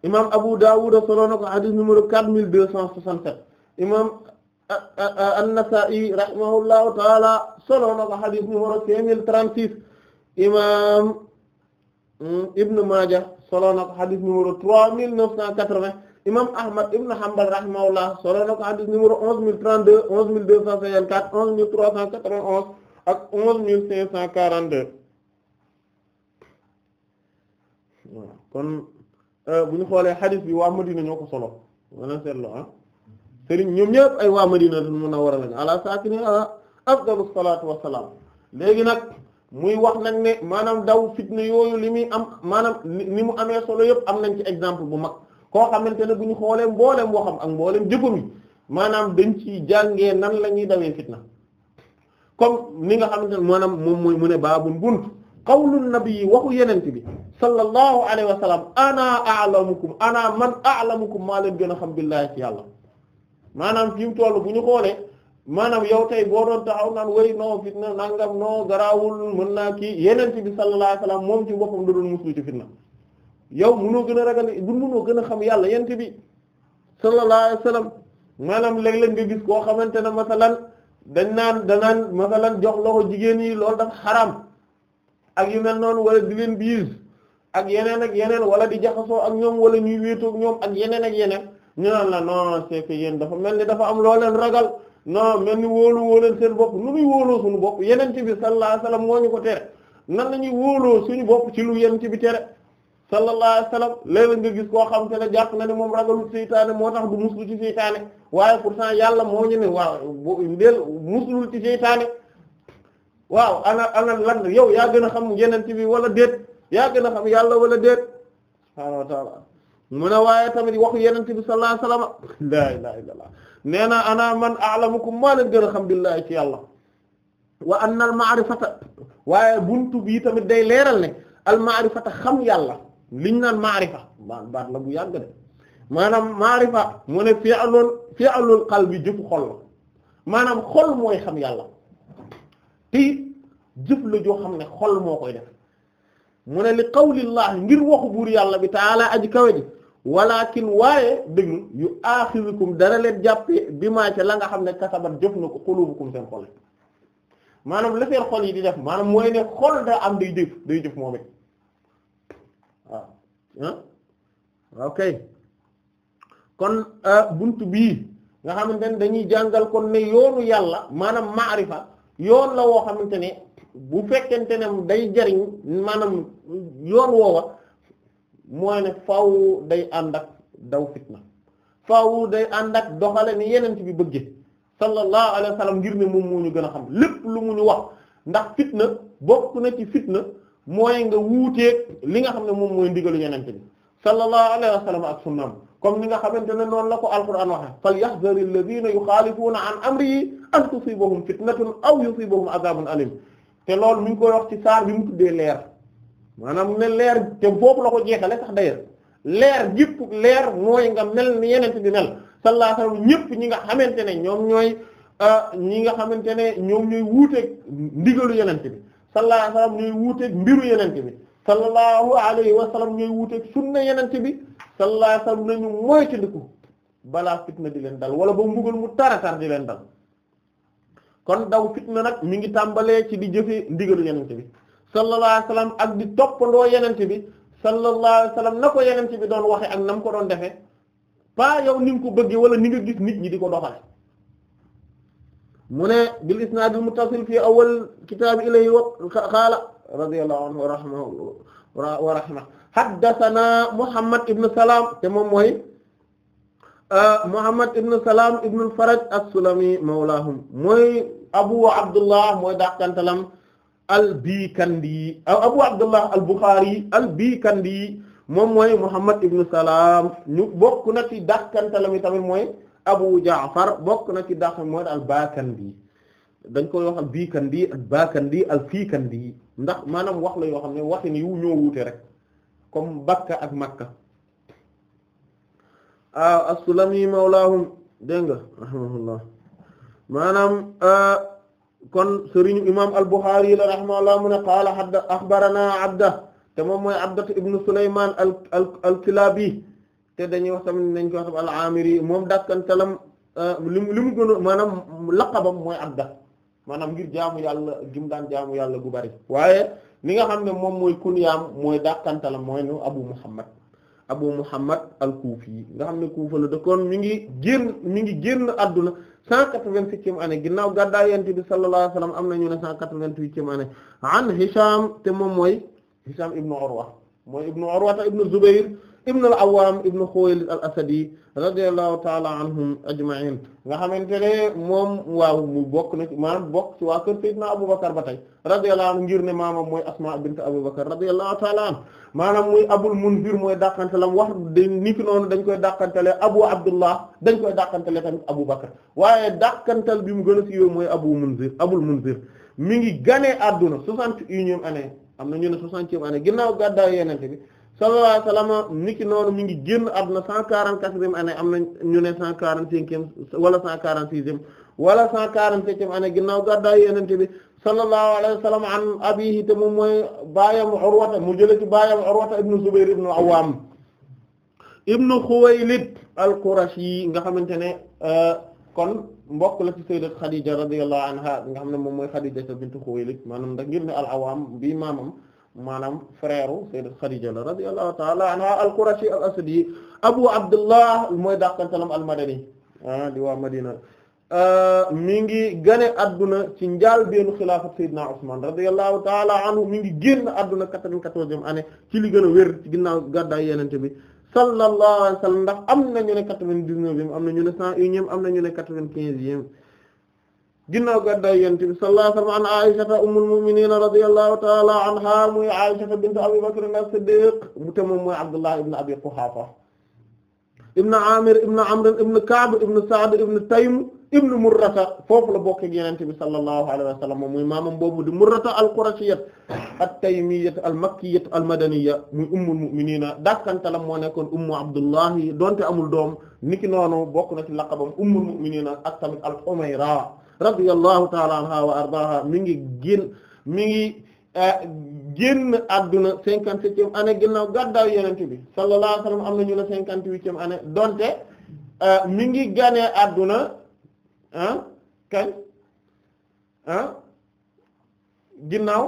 imaam Abu Dawud solo na ko xadis numéro 4267 imaam eh, an-Nasa'i rahimahullahu taala solo na ko xadis numéro 5036 imaam hmm, Ibn Maaja solo na ko xadis numéro 3980. imam Ahmad ibn Hanbal rahimahullah solo na ko hadith numéro onze mille trente-deux onze mille deux cent cinquante-quatre onze ak onze mille cinq cent quarante-deux kon euh, bu ñu xoolee hadith bi waa Madina ñoo ko solo wala seetlu ah sëriñ ñoom ñëpp ay waa Madina mën a war a lañ ala saakini afdalu salaatu wassalaam léegi nag muy wax nag ne maanaam daw fitna yooyu li muy am maanaam ni mu amee solo yëpp am nañ ci exemple bu mag koo xamante ne bu ñu xoolee mbooleem waxam ak mbooleem jëfam maanaam dañ ci jàngee nan la ñuy dawee fitna comme ni nga xamante ne maanaam moom mooy mu ne baabul bunt qawlu nabi waxu yenent bi sallallahu alayhi wa sallam ana a'lamukum ana man a'lamukum maa gën a xam billaahi ci yàlla maanaam fi mu toll bu ñu xoolee maanaam yow tey boo doon taxaw naan way noo fitna nangam noo garaawul mën naa kii yenent bi sallallahu alayhi wa moom ci boppam da doon fitna yow mënoo gën a ragal bu mënoo gën a xam yàlla yent bi sallallahu alayhi wasallam maanaam léeg-léeg nga gis koo xamante ne masalan dañ naan danaan masalan jox loxo jigéen yi loolu dafa xaram ak yu mel noonu wala di leen biis ak yeneen ak yeneen wala di jaxasoo ak ñoom wala ñuy wéetoog ñoom ak yeneen ak yeneen ñu naan la non c'est que yéen dafa mel ni dafa am loo ragal non mel ni wóolu wóoleen seen bopp nu muy wóoloo suñu bopp yeneen ci bi sallallahu alayhi wasallam moo ñu ko tere nan la ñuy wóoloo suñu bopp ci lu yeneen ci bi tere sallallahu alayhi wa sallam léeg-léeg nga gis koo xam te ne jàpp na ne moom ragalu seytaane moo tax du muslu ci seytaane waaye pourtant yàlla moo ñu ne waaw del muslul ci seytaane waaw ana ana lan yow yaa gën a xam yeneen ci bi wala déet yaa gën a xam yàlla wala déet subhaanahu wa ta'ala mu ne waaye tamit waxu yeneen ci bi sallallahu alayhi wa sallam laa ilaaha illallah nee na ana man a'lamukum maa leen gën a xam billaahi ci yàlla wa anna al ma'rifata waaye buntu bii tamit day leeral ne al ma'rifata xam yàlla liñ naan maarifa baat la bu yàgg de maanaam maarifa mu ne fi'lul fi'lul qalbi jëfu xol la maanaam xol mooy xam yàlla te jëf la joo xam ne xol moo koy def mu ne li qawlillahi ngir waxu buur yàlla bi taala aji kawe ji walakin waaye dëgg yu aaxizukum dara leen jàppe bi maa la nga xam ne kasabat jëf na ko qulubukum seen xol maanaam la seen xol yi di def maanaam mooy ne xol da am day jëf day jëf moom ah ok kon euh, bunt bii nga xamante ne dañuy jàngal kon ne yoonu yàlla maanaam maarifa yoon la woo xamante ne bu fekkente ne day jariñ maanaam yoon woowa mooy ne faaw day ànd ak daw fitna faaw day ànd ak doxale ni yeneen ci bi bëgge sallallahu alayhi wa ngir ne moom moo ñu gën a xam lépp lu mu ñu wax ndax fitna bokk na ci fitna mooy nga wuuteeg li nga xam ne moom mooy ndigalu yenente bi sallallahu alayhi wa sallam ak sunnaam comme ni nga xamante ne noonu la ko alquran waxe fal yahdari alladhina yukhalifuuna an amrihi an tusibahum fitnatun aw yusibahum azabun alim te loolu mi ngi koy wax ci saar bi mu tuddee leer maanaam ne leer te foofu la ko jeexale tax d'ailleurs leer jëpp leer mooy nga mel ni yenente bi mel sallallahu alayhi wa sallam ñëpp ñi nga xamante ne ñoom ñooy euh, ñi nga xamante ne ñoom ñooy wuuteeg ndigalu yenente bi sallallahu alayhi wa sallam ñooy wuuteeg mbiru yenente bi sallallahu alayhi wa sallam ñooy wuuteeg sunna yenente bi sallallahu alayhi wa sallam nañu moytandiku balaa fitna di leen dal wala ba mbugal mu taratar di leen dal kon daw fitna nag mi ngi tàmbalee ci di jëfee ndigalu yenente bi sallallahu alayhi ak di toppandoo yenente bi sallallahu alayhi wa sallam na ko yenente bi doon waxe ak nam ko doon defee pas yow ni ko bëggee wala ni nga gis nit ñi di ko doxal mu ne bil isnaadil muttasil fi awal kitaab ilayhi wa qaala radiyallahu anhu wa rahimahu wa rahimahu haddathana Muhammad ibn Salam te moom mooy euh, Muhammad ibn Salam ibn al-Faraj as-Sulami mawlaahum mooy Abu Abdullah mooy daqantalam al-Bikandi Abu Abdullah al-Bukhari al-Bikandi moom mooy Muhammad ibn Salam ñu bokk na ci daqantalam yi tamit mooy Abu Ja'far bokk na ci dàq mooy al-Bakandi dañ koy wax al-Bikandi al-Bakandi al-Fikandi ndax maanaam wax la yoo xam ne waxin yu ñoo wuute rek comme Bakka ak Makka ah, as-Sulami mawlaahum dégg nga rahimahullah maanaam ah, kon sëriñu imam al-Bukhari yi la rahimahullah mu ne qaala hadda akhbarana Abda te moom mooy Abda ibn Sulaymaan al al te dañuy wax tamit nañ ko wax tam moom dakkantalam euh, li mu li mu gën a maanaam laqabam mooy abda maanaam ngir jaamu yàlla gim daan jaamu yàlla gu bari waaye li nga xam ne moom mooy kunyaam mooy dakkantalam mooy nu Abu Muhammad Abu Muhammad al-Kufi nga xam ne Kufa la dëkkoon mi ngi génn mi ngi génn adduna cent quatre-vingt-septième année ginnaaw gàddaay Yonent bi sallallahu alayhi wasallam am nañu ne cent quatre-vingt-huitième année an Hisham te moom mooy Hisham ibnu Urwa mooy ibnu Urwa ta ibnu Zubayr ibn al awaam ibn xuwaylid al asadi radiallahu taala anhum ajmain nga xamante ne moom waaw mu bokk na maanaam bokk ci waa kër sayyidina abubakar ba tey radiallahu anhu ngir ne maamam mooy asma bint abubakar radiallahu taala anhu maanaam muy abul munzir mooy dàqantelam wax de ni ki noonu dañ koy dàqantele abu abdullah dañ koy dàqantele tamit abubakar waaye dàqantal bi mu gën a siiw mooy abu munzir abul munzir mi ngi ganee adduna soixante et unième année am na ñu ne soixantième année ginnaaw gàddaay yenente bi sallallahu alayhi wa sallam niki noonu mi ngi génn àdduna cent quarante-quatrième année am na ñu ne cent quarante-cinquième wala cent quarante-sixième wala cent quarante-septième année ginnaaw gàddaay yenente bi sallallahu alayhi wa sallam an abihi te moom mooy baayam Urwata mu jële ci baayam Urwata ibnu Zubayr ibnu Awwaam ibnu Xuwaylid al-Qurashi nga xamante ne euh, kon mbokk la ci sayyidat Khadija radiyallahu anha nga xam ne moom mooy Khadija bintu Xuwaylid maanaam da ngir ne al-Awwaam bi maamam maanaam frère sayyidat Khadija la radiyallahu ta'ala anha al-Qurashi al-Asadi Abu Abdullah mooy dàqantalam al-Madani ah di waa Madina euh, mi ngi gane adduna ci njaal beenu xilaafat Seydina Usman radiyallahu ta'ala anhu mi ngi génn adduna quatre-vingt-quatorzième année ci li gën a wér ci ginnaaw gàddaay bi sallallahu alayhi wa ndax am na ñu ne quatre vingt dix na ñu ne cent na ñu ne ginnaaw gàddaay yonent bi sallallahu alayhi wa sallam an Aisha ummul mu'minin radiyallahu ta'ala anha muy Aisha bint Abi Bakr as-Siddiq mu te moom mooy Abdullah ibn Abi Quhafa ibn Amir ibn Amr ibn Ka'b ibn Sa'd ibn Taym ibn Murrata foofu la bokk ak yonent bi sallallahu alayhi wa sallam muy maamam boobu di Murrata al-Qurashiyyah at-Taymiyyah al-Makkiyah al-Madaniyah muy ummul mu'minin dàkkanta la moo nekkoon ummu Abdullah donte amul doom niki noonu bokk na ci laqabam ummul mu'minin ak tamit al-Humayra radiyallahu ta'ala anha wa ardaaha mi ngi génn mi ngi eh, génn adduna cinquante-septième ginaaw ginnaaw gàddaaw yonent bi sallallahu wa sallam am na ñu ne cinquante-huitième année donte eh, mi ngi ganee adduna ah kañ ah ginnaaw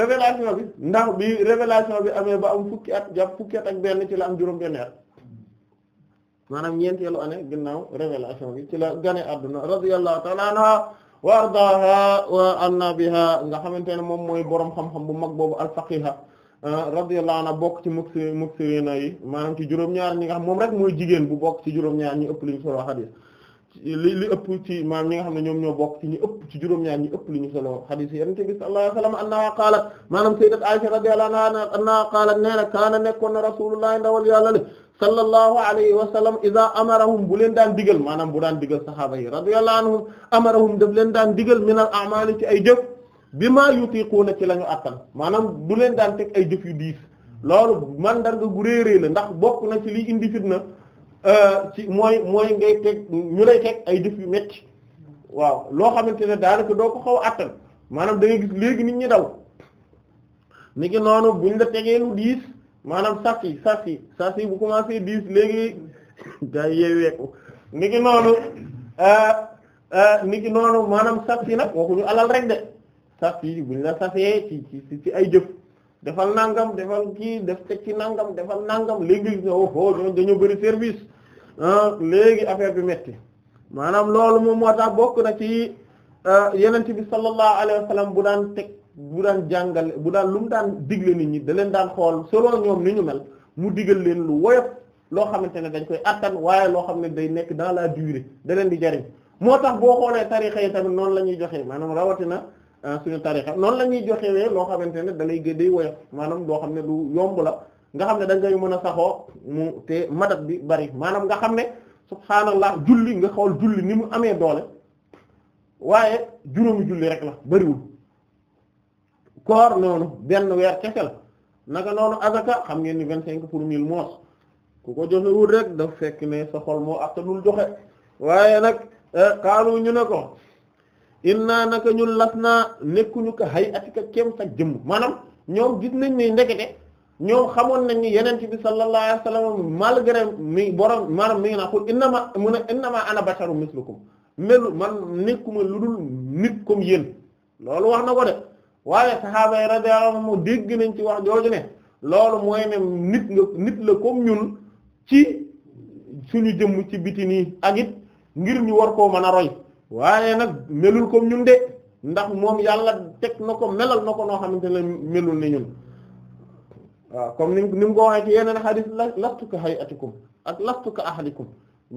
révélation bi ndax bi révélation bi amee ba am fukki at jàpp fukki at ak benn ci la am juróom benn at maanaam ñeenteelu année ginnaaw révélation bi ci la gane adduna radiyallahu ta'ala anha wa ardaha wa bi biha nga xamante ne moom mooy borom xam-xam bu mag boobu al-faqiha ah, radiyallahu anha bokk ci muksir muksirina yi maanaam ci juróom-ñaar ñi nga xam moom rek mooy jigéen bu bokk ci juróom-ñaar ñi ëpp li ñu solo xadis li ëpp ci maanaam ñi nga xam ne ñoom ñoo bokk ñu ëpp ci juróom-ñaar ñi ëpp li ñu solo xadis yonent bi sallallahu alayhi wasallam annaha qaalat na kaana nekkoon na rasulullahi ndawal yàlla sallallahu alayhi wa sallam iza amarahum bu leen daan digal maanaam bu daan digal saxaaba yi radiyallahu anhum amarahum daf leen daan digal minal a'maali ci ay jëf bi ma maa yutiquuna ci lañu ñu attan maanaam du leen daan teg ay jëf yu diis loolu mandarga gu réeréer la ndax bokk na ci liy indi fitna euh, ci mooy mooy ngay teg ñu lay teg ay jëf yu metti waaw loo xamante ne daanaka doo ko xaw a attan maanaam da gis léegi nit ñi daw ni ki noonu buñ diis. maanaam saf yi saf yi bu commencé diis léegi gaa yi yeewee ko ni ki noonu euh, euh, ni ki noonu maanaam saf yi nag waxuñu alal rek de saf yi buñ la safee ci ci ay jëf defal nangam defal kii def teg ci nangam defal nangam léegi oh, oh ñoo dañoo bëri service ah, léegi affaire bi metti maanaam loolu moom moo tax bokk na ci euh, yeneen bi sallallahu alayhi wa bu daan teg. bu daan jàngale bu daan lu mu daan digle nit ñi da leen daan xool solo ñoom ni ñu mel mu digal leen lu woyof loo xamante ne dañ koy attan waaye loo xam ne day nekk dans la durée da di jariñ moo tax boo xoolee tarixa yi tamit noonu la ñuy joxee maanaam rawatina ah, suñu tarixa noonu la ñuy joxewee loo xamante ne da lay woyof maanaam loo xam ne lu yomb la nga xam ne da mën a saxoo mu te madat bi bari maanaam nga xam ne subhaanallah julli nga xool julli ni mu amee doole waaye juróomi julli rek la bariwul koor noonu benn weer kese la naka noonu azaka xam ngeen ni vingt cinq pour mille moos ku ko joxewul rek daf fekk ne sa xol moo attanul joxe waaye nag eh, xaalu ñu ne ko inna naka ñun las na nekkuñu ka hay atika kéem sa jëmm maanaam ñoom gis nañ ne ndekete ñoom xamoon nañ ni yeneen bi sallallahu alayhi wasallam malgré mi borom maanaam mi ngi naa xul innama mun a innama ana basharu mislukum melu man nekkuma lu dul nit comme yéen loolu wax na ko de waaye saxaaba yi radiyallahu anhum dégg nañ ci wax jooju ne loolu mooy ne nit nga nit la kom ñun ci suñu jëmm ci biti nii ak it ngir ñu war koo mën a roy waaye nag melul comme ñun de ndax moom yàlla teg na ko melal na ko noo xamante ne melul ni ñun waaw comme ni ni mu ko waxee ci yeneen xadis lastu ka hayatikum ak lastu ka ahadikum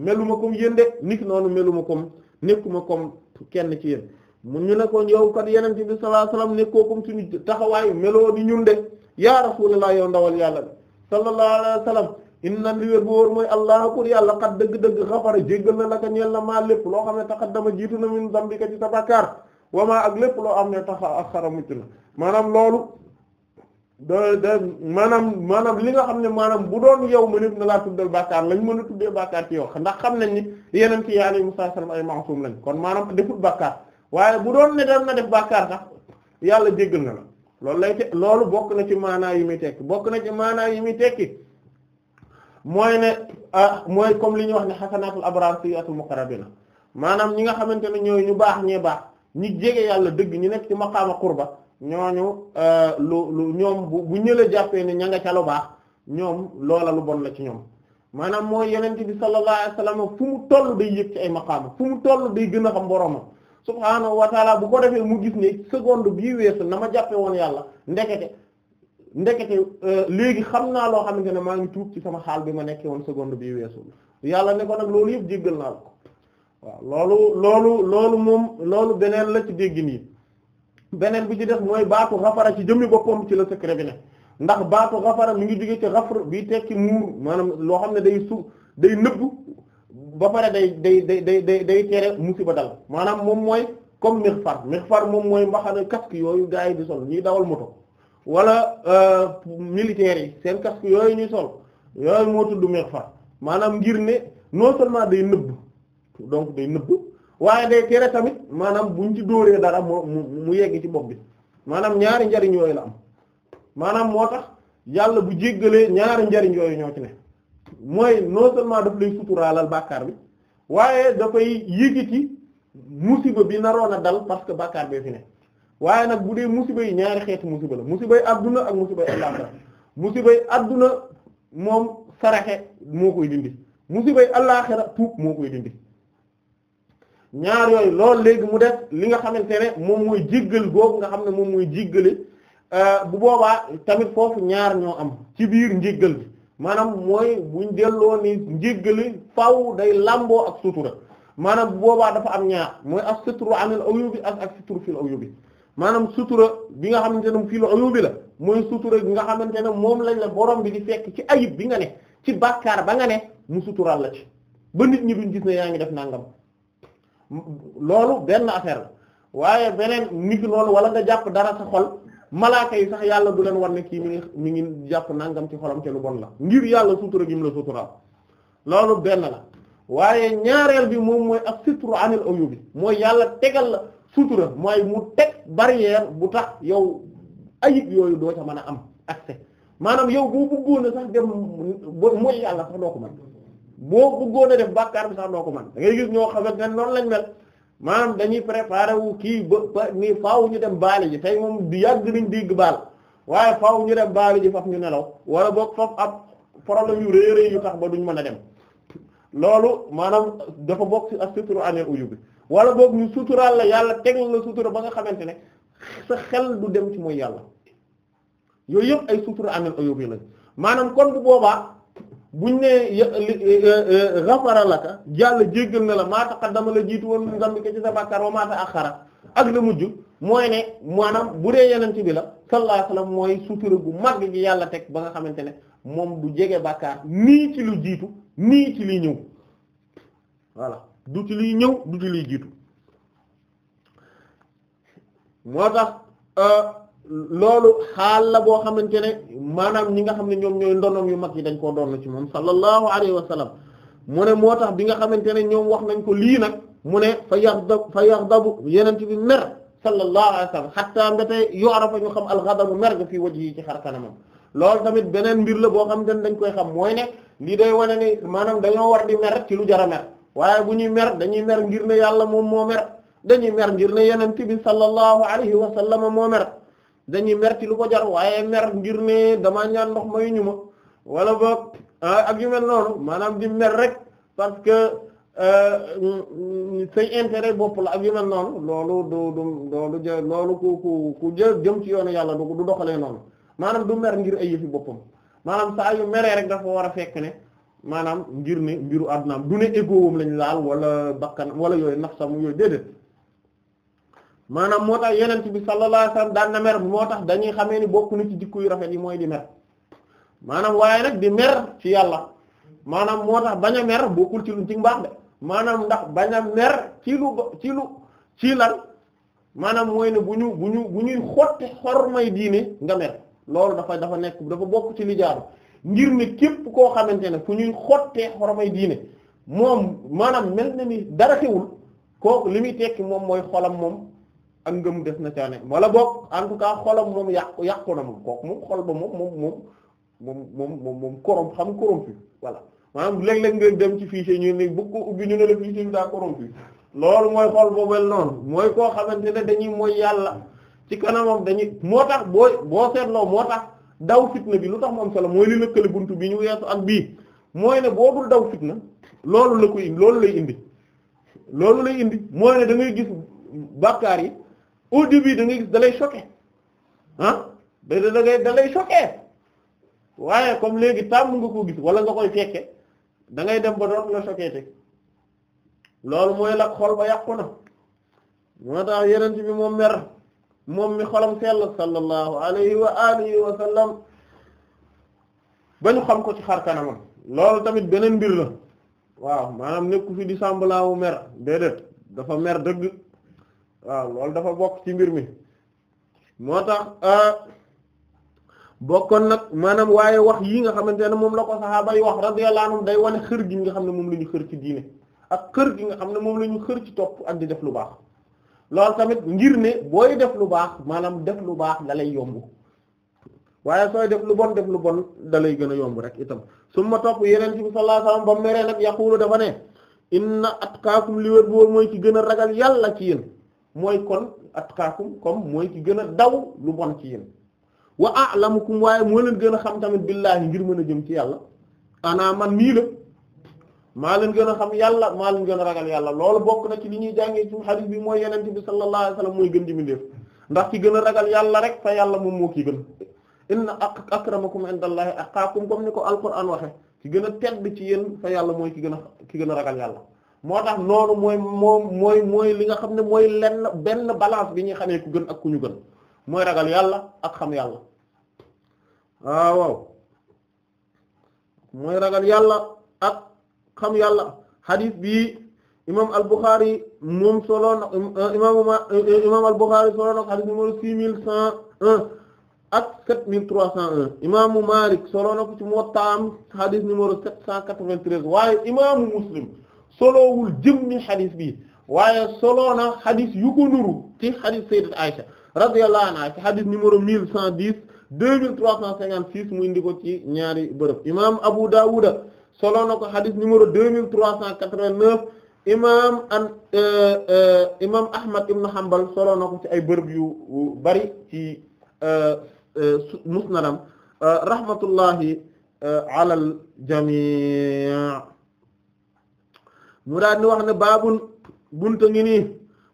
meluma comme yéen de nit noonu meluma comme nekkuma comme kenn ci yéen mu ñu ne ko yow kat yenente bi sallallahu alayhi wasallam nekkoo comme suñu taxawaay meloo di ñun de ya rasulullah yow ndawal yàlla bi sallallahu alayhi wasallam inna li wér boor mooy allah pour yàlla xat dëgg-dëgg xafara jéggal na laka ñeel la maa lépp loo xam ne taqaddama jiitu na min zambika ci sa bakkaar wamaa ak lépp loo am ne taxa ak xara mucc na maanaam loolu de de maanaam maanaam li nga xam ne maanaam bu doon yow mëneb na laa tuddal bàkkaar lañ mën a tuddee bàkkaar ci yow ndax xam nañ ni yeneen ci yàlla yi musa sallam ay maasum lañ kon maanaam defut bàkkaar waaye bu doon ne na def bàkkaar sax yàlla jéggal na la loolu lay te loolu bokk na ci maanaa yi muy tekki bokk na ci maanaa muy tekki mooy ne ah mooy comme li ñuy wax ne xasanaatul abraar sayyi'atul muqarrabina maanaam ñi nga xamante ne ñooy ñu baax ñee baax ñi jege yàlla dëgg ñu nekk ci maqaama qurba ñooñu euh, lu lu ñoom bu bu jàppee ne ña nga ca lu baax ñoom loola lu bon la ci ñoom maanaam mooy yonent bi sallallahu alayhi wasallam fu mu toll day yëg ci ay maqaama fu mu toll day gën a xam boromam subhaanahu wa taala bu ko defee mu gis ne seconde bii weesu na ma jàppe woon yàlla ndekete ndekete euh, léegi xam naa loo xamante ne maa ngi tuub ci sama xaal bi ma nekkee woon seconde bii weesu yàlla ne ko nag loolu yëpp jéggal naa la ko waaw loolu loolu loolu moom loolu beneen la ci dégg nii beneen bi ci def mooy baatu xafara ci jëmmi boppam ci la secret bi ne ndax baatu xafara mu ngi jóge ci xafar bi tekki muur maanaam loo xam ne day su day nëbbu ba pare day day day day day day tere musiba dal maanaam moom mooy comme mixfar mixfar moom mooy mbaxana casque yooyu gars yi di sol ñuy dawal moto wala euh, militaires yi seen casque yooyu ñuy sol yooyu moo tudd mixfar maanaam ngir ne non seulement day nëbb donc day nëbb waaye day tere tamit maanaam buñ ci dóoree dara mu mu yegg ci bopp bi maanaam ñaari njariñ yooyu la am maanaam moo tax yàlla bu jéggalee ñaari njariñ yooyu ñoo ci ne mooy non seulement daf lay suturaalal bàkkaar bi waaye dafay yëgiti musiba bi naroon dal parce que bàkkaar bee fi ne waaye nag bu dee musiba yi ñaari xeeti musiba la musibay adduna ak musibay àllaxira musibay adduna moom saraxe moo koy dindi musibay àllaxira tuub moo koy dindi ñaar yooyu loolu léegi mu def li nga xamante ne moom mooy jéggal googu nga xam ne moom mooy jéggale euh, bu boobaa tamit foofu ñaar ñoo am ci biir njéggal bi maanaam mooy buñ delloo ni njéggali faw day làmboo ak sutura maanaam boobaa dafa am ñaar mooy ak suturu anil uyubi ak ak suturu fil uyubi maanaam sutura bi nga xamante ne fil uyubi la mooy sutura bi nga xamante ne moom lañ la borom bi di fekk ci ayib bi nga ne ci bàkkaar ba nga ne mu sutural la ci ba nit ñi duñ gis na yaa ngi def nangam loolu benn affaire la waaye beneen nit ki noonu wala nga jàpp dara sa xol malaaka yi sax yàlla du leen war ne kii mu ngi mi ngi jàpp nangam ci xolam ci lu bon la ngir yàlla sutura gi mu la suturaal loolu benn la waaye ñaareel bi moom mooy ak sutru anil ayu mooy yàlla tegal la sutura mooy mu teg barrière bu tax yow ayib yooyu doo ca mën a am accès maanaam yow boo bëggoon a sax dem mooy yàlla sax doo ko mën boo bëggoon a def bàkkaar bi sax doo ko man da gis ñoo xamante ne noonu lañ mel maanaam dañuy préparé wu kii ba ni faaw ñu dem baali ji tey moom di yàgg nañ digg baal waaye faaw ñu dem baali ji faf ñu nelaw wala boog faf ab problème yu rëy rëy yu tax ba duñ mën a dem loolu maanaam dafa bokk ci as-sutru anil uyubi wala boog ñu suturaal la yàlla teg la sutura ba nga xamante ne sa xel du dem ci mooy yàlla yooyu yëpp ay sutura anil uyubi lañ maanaam kon bu boobaa buñ ne e, e, ghafara laka Yàlla jéggal na la maa dama la jiitu woon min zambika ci sa bàkkaar wa maa ta'akhkhara ak la mujj mooy ne maanaam bu dee yenente bi la sallallahu alayhi wasallam mooy sutura gu mag gi Yàlla teg ba nga xamante ne moom du jege bàkkaar nii ci lu jiitu nii ci liy ñëw voilà du ci liy ñëw du ci liy jiitu moo tax euh, loolu xaal la boo xamante ne maanaam ñi nga xam ne ñoom ñooy ndonom yu mag yi dañ koo doon ci moom sallallahu alayhi wa sallam mu ne moo tax bi nga xamante ne ñoom wax nañ ko lii nag mu ne fa yaxdab fa yaxdabu yeneen bi mer sallallahu alayhi wa sallam xatta mbétey yu'rafa ñu xam alxadabu mer ga fii waj yi ci xar kanamam loolu tamit beneen mbir la boo xamante ne dañ koy xam mooy ne lii day wane ni maanaam dañoo war di mer ci lu jara mer waaye bu ñuy mer dañuy mer ngir ne yàlla moom moo mer dañuy mer ngir ne yeneen bi sallallahu alayhi wa moo mer dañuy mer ci lu ko jar waaye mer ngir ne damaa ñaan ndox mayu ñu ma wala boog ah, ak yu mel noonu maanaam di mer rek parce que euh, say intérêt bopp la ak yu mel noonu loolu du du loolu jë ku ku jëm ci yoonu yàlla du du doxalee noonu maanaam du mer ngir ay yëfi boppam maanaam saa yu meree rek dafa war a fekk ne maanaam ngir ne mbiru àddunaam du ne égoom lañ laal wala bakkan wala yooyu nafsam yooyu déedéet maanaam moo tax yenent bi sallallahu alayhi wasallam daan na mer moo tax dañuy xamee ni bokk na ci jikko yu rafet yi mooy di mer maanaam waaye nag di mer ci yàlla maanaam moo tax bañ a mer ci mbaax de maanaam ndax bañ a mer ci lu ci ci lan maanaam mooy ne bu ñu bu ñu bu ñuy xotti xormay diine nga mer loolu dafa dafa nekk dafa bokk ci li jaaru ngir ne képp koo xamante ne fu ñuy xottee xormay diine moom maanaam mel na ni dara xewul kooku li muy tekki moom mooy xolam moom ak ngëm des na caane wala boog en tout cas xolam moom yàqu yàqu na moom kooku moom xol ba moom moom moom moom moom moom moom korom xam korom fi voilà maanaam léeg-léeg nga dem ci fichier ñu ne bëgg ko ubbi ñu ne la fichier bi daa korom fi loolu mooy xol boobu mel noonu mooy koo xamante ne dañuy mooy yàlla ci kanamam dañuy moo tax boo boo seetloo moo tax daw fitna bi lu tax mu am solo mooy li lëkkale buntu bi ñu weesu ak bii mooy ne boo dul daw fitna loolu la koy loolu lay indi loolu lay indi mooy ne da ngay gis bàkkaar yi au début da ngay gis da lay choqué ah da waaye comme léegi tàmm nga ko gis wala nga koy fekke dangay ngay dem ba doon la choqué loolu mooy la xol ba yàqu na moo tax yeneen bi moom mer moom mi xolam sell sallallahu alayhi wa alihi wa ba ñu xam ko ci xar kanamam loolu tamit beneen mbir la waaw maanaam nekku fi di semblant wu mer dafa mer dëgg waaw loolu dafa bokk ci mbir mi moo tax euh, bokkoon nag maanaam waaye wax yii nga xamante ne moom la ko saxaaba yi wax radiyallahu anhum day wane xër gi nga xam ne moom la ñu xër ci diine ak xër xam ne moom la ñu xër ci topp ak di def lu baax loolu tamit ngir ne booy def lu baax maanaam def lu baax da lay yomb waaye sooy def lu bon def lu bon da lay gën a yomb rek itam su ma topp yeneen ci bi sallallahu alayhi ba meree nag yaqulu dafa ne inna atqaakum li wér boobu mooy ci gën a ragal yàlla ci yéen mooy kon at atqaakum comme mooy ki gën a daw lu bon ci yéen wa a'lamukum waaye moo leen gën a xam tamit billaahi ngir mën a jëm ci yàlla ana man nii la maa leen gën a xam yàlla maa leen gën a ragal yàlla loolu bokk na ci li ñuy jàngee ci hadith bi mooy yenente bi sallallahu alayhi wasallam mooy gën di mindeef ndax ki gën a ragal yàlla rek fa yàlla moom moo ki gën inna akramakum indallahi atqaakum comme ni ko alquran waxe ki gën a tedd ci yéen fa yàlla mooy ki gën a ki gën a ragal yàlla moo tax noonu mooy moom mooy mooy li nga xam ne mooy lenn benn balance bi ñuy xamee ku gën ak ku ñu gën mooy ragal yàlla ak xam yàlla ah, waaw mooy ragal yàlla ak xam yàlla xadis bii imam al-Bukhari moom solo na imam imam al-Bukhari solo na xadis numéro six mille cent un ak sept mille trois cent un imaamu Malik na ko ci Muwatta am xadis numéro sept cent quatre-vingt-treize waaye imaamu Muslim solowul jëmmi xadis bi waaye soloo na xadis yu ko nuru ci xadis sayyidat Aisha radiyallahu anha ci xadis numéro mille cent dix deux mille trois cent cinquante six mu indi ko ci ñaari bërëb imam Abu Dawud soloo na ko xadis numéro deux mille trois cent quatre-vingt-neuf imam an euh, euh, imam Ahmad ibn Hanbal soloo na ko ci ay bërëb yu bari ci euh, musnadam rahmatullahi ala al jami' mu daal di wax ne baabul bunta ngi nii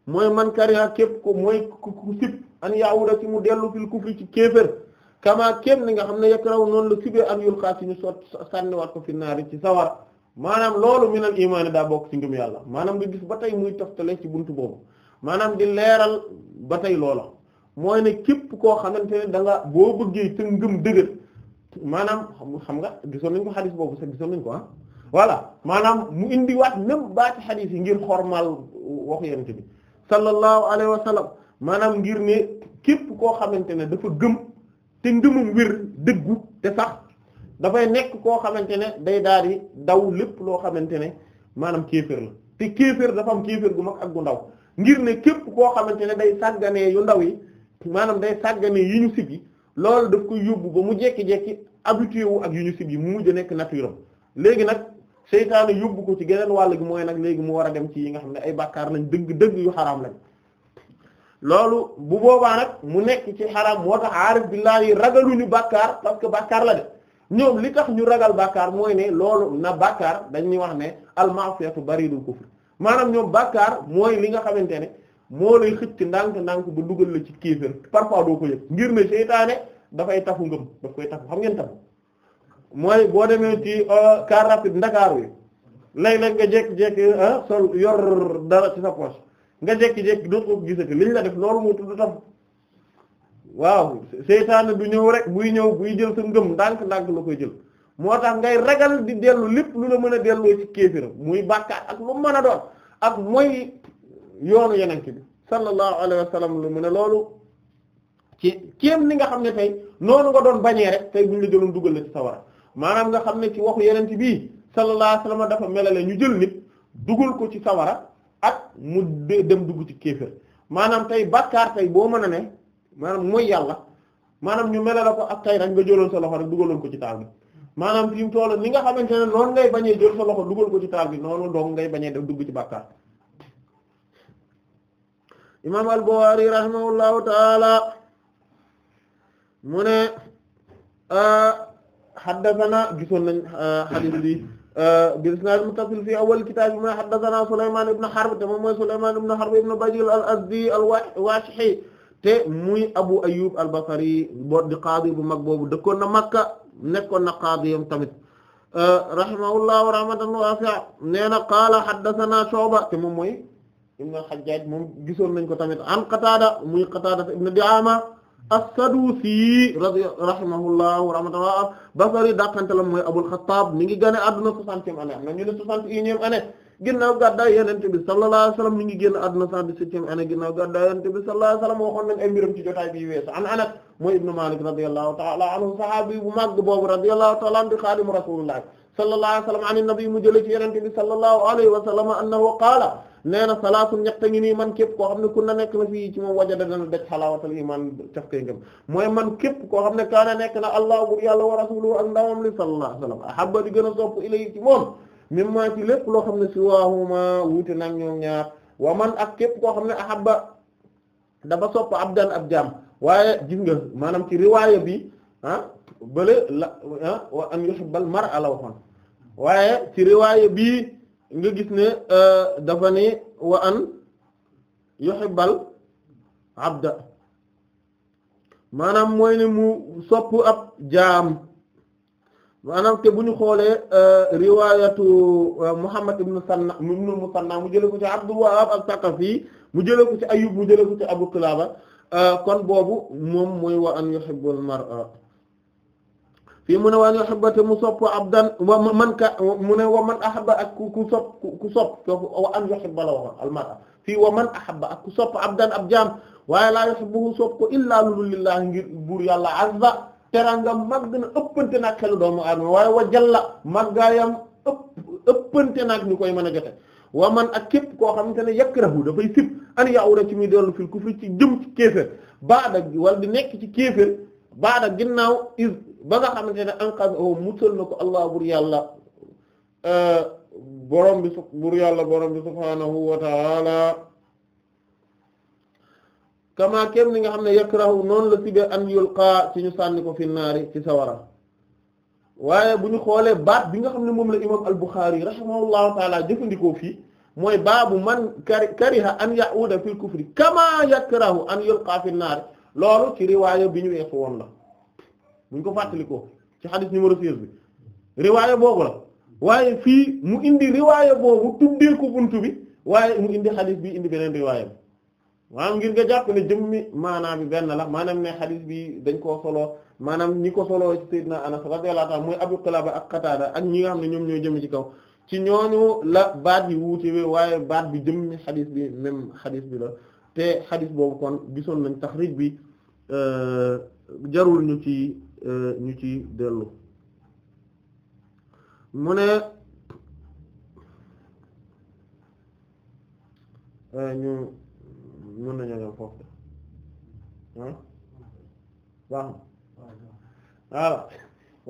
mooy man kariha képp ko mooy ku sib an yaawuda ci mu dellu fil kufri ci kéefër kama képp ni nga xam ne yakraw noonu la sibee an yulqaa ci ñu sot sànniwaat ko fi naari ci sawar maanaam loolu minal imaani daa bokk ci ngëm yàlla maanaam nga gis ba tey muy toftale ci buntu boobu maanaam di leeral ba tey loola mooy ne képp koo xamante ne da nga boo bëggee te ngëm dëgër maanaam xam nga gisoon nañ ko xadis boobu sax gisoon nañ ko ah voilà maanaam mu indiwaat même baati xadiis yi ngir xormal waxu yonent bi sallallahu alayhi wa sallam maanaam ngir ne képp koo xamante ne dafa gëm te ngëmum wér dëggu te sax dafay nekk koo xamante ne day daal di daw lépp loo xamante ne maanaam kéefër la te kéefër dafa am kéefër gu mag ak gu ndaw ngir ne képp koo xamante ne day sàgganee yu ndaw yi maanaam day sàgganee yu ñu sib yi loolu daf koy yóbbu ba mu jekki-jekki habitué ak yu ñu sib mu mujj nekk nature am léegi nag seytaane yóbbu ko ci geneen wàll gi mooy nag léegi mu war a dem ci yi nga xam ne ay bàkkaar lañ dëgg dëgg yu xaraam lañ loolu bu boobaa nag mu nekk ci xaraam moo tax aarif billaahi ragaluñu bàkkaar parce que bàkkaar la de ñoom li tax ñu ragal bàkkaar mooy ne loolu na bàkkaar dañuy wax ne al-ma'siyatu baridul kufr maanaam ñoom bàkkaar mooy li nga xamante ne moo lay xëcc ndànk ndànk ba dugal la ci kéefër parfois doo ko yëg ngir ne seytaane dafay tafu ngëm daf koy tafu xam mooy boo demee ci euh, car rapide Ndakaaru yi léeg-léeg nga jékki-jékki sol yor dara ci sa poche nga jékki-jékki doo ko gisati liñ la def loolu moo tudd tam waaw seytaane du ñëw rek buy ñëw buy jël sa ngëm ndànk-ndànk la koy jël moo tax ngay ragal di dellu lépp lu la mën a delloo ci kéefira muy bàkkaat ak lu mën a doon ak mooy yoonu yeneen bi sallallahu alayhi wa sallam lu mu ne loolu ci kéem li nga xam ne tey noonu nga doon bañee rek tey buñ la jëloon dugal la maanaam nga xam ne ci waxu yenent bii sallallahu alayhi wasallam dafa melale ñu jël nit dugal ko ci sawara ak mu dem dugg ci kéefër maanaam tey bàkkaar tey boo mën a ne maanaam mooy yàlla maanaam ñu melale ko ak tey rek nga jëloon sa loxo rek dugaloon ko ci taal bi maanaam fi mu toll ni nga xamante ne noonu ngay bañee jël sa loxo dugal ko ci taal bi noonu dong ngay bañee def dugg ci bàkkaar imam al-Bukhari rahimahullahu taala mu ne ah, haddathana gisoon nañ hadith bi bil isnad muttasil fi awwal kitab ma haddathana Sulayman ibn Harb te moom mooy Sulayman ibn Harb ibn Bajil al-Azdi al-Washihi te muy Abu Ayyub al-Basri boo di qaadi bu mag boobu dëkkoon na Makka nekkoon na qaadiyam tamit rahimahullahu rahmatan wasi'a nee na qaala haddathana Shu'ba te moom mooy ibn al-Hajjaj moom gisoon nañ ko tamit an Qatada muy Qatada ibn Di'ama as-Sadusi radi rahimahullahu rahmatullah Basri dàqante la mooy Abul Xattaab mi ngi gane àdduna soixantième année am na ñu ne soixante-et-unième année ginnaaw gàddaay Yonent bi sallallahu alayhi wa sallam mi ngi génn àdduna cent dix-septième année ginnaaw gàddaay Yonent bi sallallahu alayhi wa sallam waxoon nañ ay mbiram ci jotaay bi weesu an Anas mooy ibnu Malik radiyallahu ta'ala anhu sahabi bu màgg boobu radiyallahu ta'ala anhu di xaadimu Rasulullah sallallahu alayhi wa sallam an nabi mu jële ci Yonent bi sallallahu alayhi wa sallam annahu qaala nee na salaatul ñett ngi nii man képp koo xam ne ku na nekk na fii ci moom wajada dana daj xalaawatal iman caf koy ngëm mooy man képp koo xam ne kaana nekk na allah bur yàlla wa rasuluhu ak ndawam li sallallahu alayhi wa sallam ahabba di gën a sopp ilay ci moom mimma ci lépp loo xam ne si waahuma wuute nag ñoom ñaar wa man ak képp koo xam ne a ahabba dafa sopp abdan ab jaam waaye gis nga maanaam ci riwaaya bi ah bële la ah wa an yuhibbal mar'a la waxoon nga gis ne euh, dafa ni wa an yuhibbal abda maanaam mooy ne mu sopp ab jaam maanaam te bu ñu xoolee euh, riwaayatu euh, Muhammad ibn Sanna ibn Musanna mu jëlee ko ci Abdul Wahhab al-Thaqafi mu jële ko ci Ayyub mu jëlee ko ci Abu Qilaba kon boobu moom mooy wa an yuhibbul mar'a fii mu ne waan yuhibbu te mu sopp abdan wa man ka mu ne wa man ahabba ak ku sopp ku sopp wa an yuhibba la waxoon almara fii wa man ahabba ak ku sopp abdan ab jaam waaye laa yuhibbu sopp ko illaa lu lillahi ngir buur yàlla azza teranga màgg na ëppante naag xelu doomu aadama waaye wa jalla màggaayam ëpp ëppante naag ñu koy mën a jote wa man ak képp koo xamante ne yakrahu dafay sib an ya'ura ci muy dellu fil kufri ci jëm ci kéefér baada wala di nekk ci kéefér baada ginnaaw is ba nga xamante ne anqadhu oh, musal na ko allah bur yàlla euh, borom bi su bur yàlla borom bi subhaanahu wa taala kama kem ni nga xam ne yakrahu noonu la sibe an yulqa ci ñu sànni ko fi naari ci sawara waaye bu ñu xoolee baat bi nga xam ne moom la imam al-Bukhari rahimahullahu taala jëfandikoo fii mooy baabu man kariha an ya'uda fil kufri kama yakrahu an yulqa fi loolu ci riwaaya bi ñu weesu woon la buñ ko fàttalikoo ci xadis numéro 16 bi riwaaya boobu la waaye fii mu indi riwaaya boobu tuddee ko bunt bi waaye mu indi xadis bi indi beneen riwaaya bi waa ngir nga jàpp ne jëmmi maanaam bi benn la maanaam ne xadis bi dañ koo solo maanaam ñi ko solo ci Seydina Anas radiyallahu anhu mooy Abu Qilaba ak Qatada ak ñi nga xam ne ñoom ñoo jëm ci kaw ci ñooñu la baat yi wuute waaye baat bi jëmmi xadis bi même xadis bi la te xadis boobu kon gisoon nañ taxrij bi euh, jarul ñu ci euh, ñu ci dellu mu ne euh, ñu mën nañu dem foofu ah waaw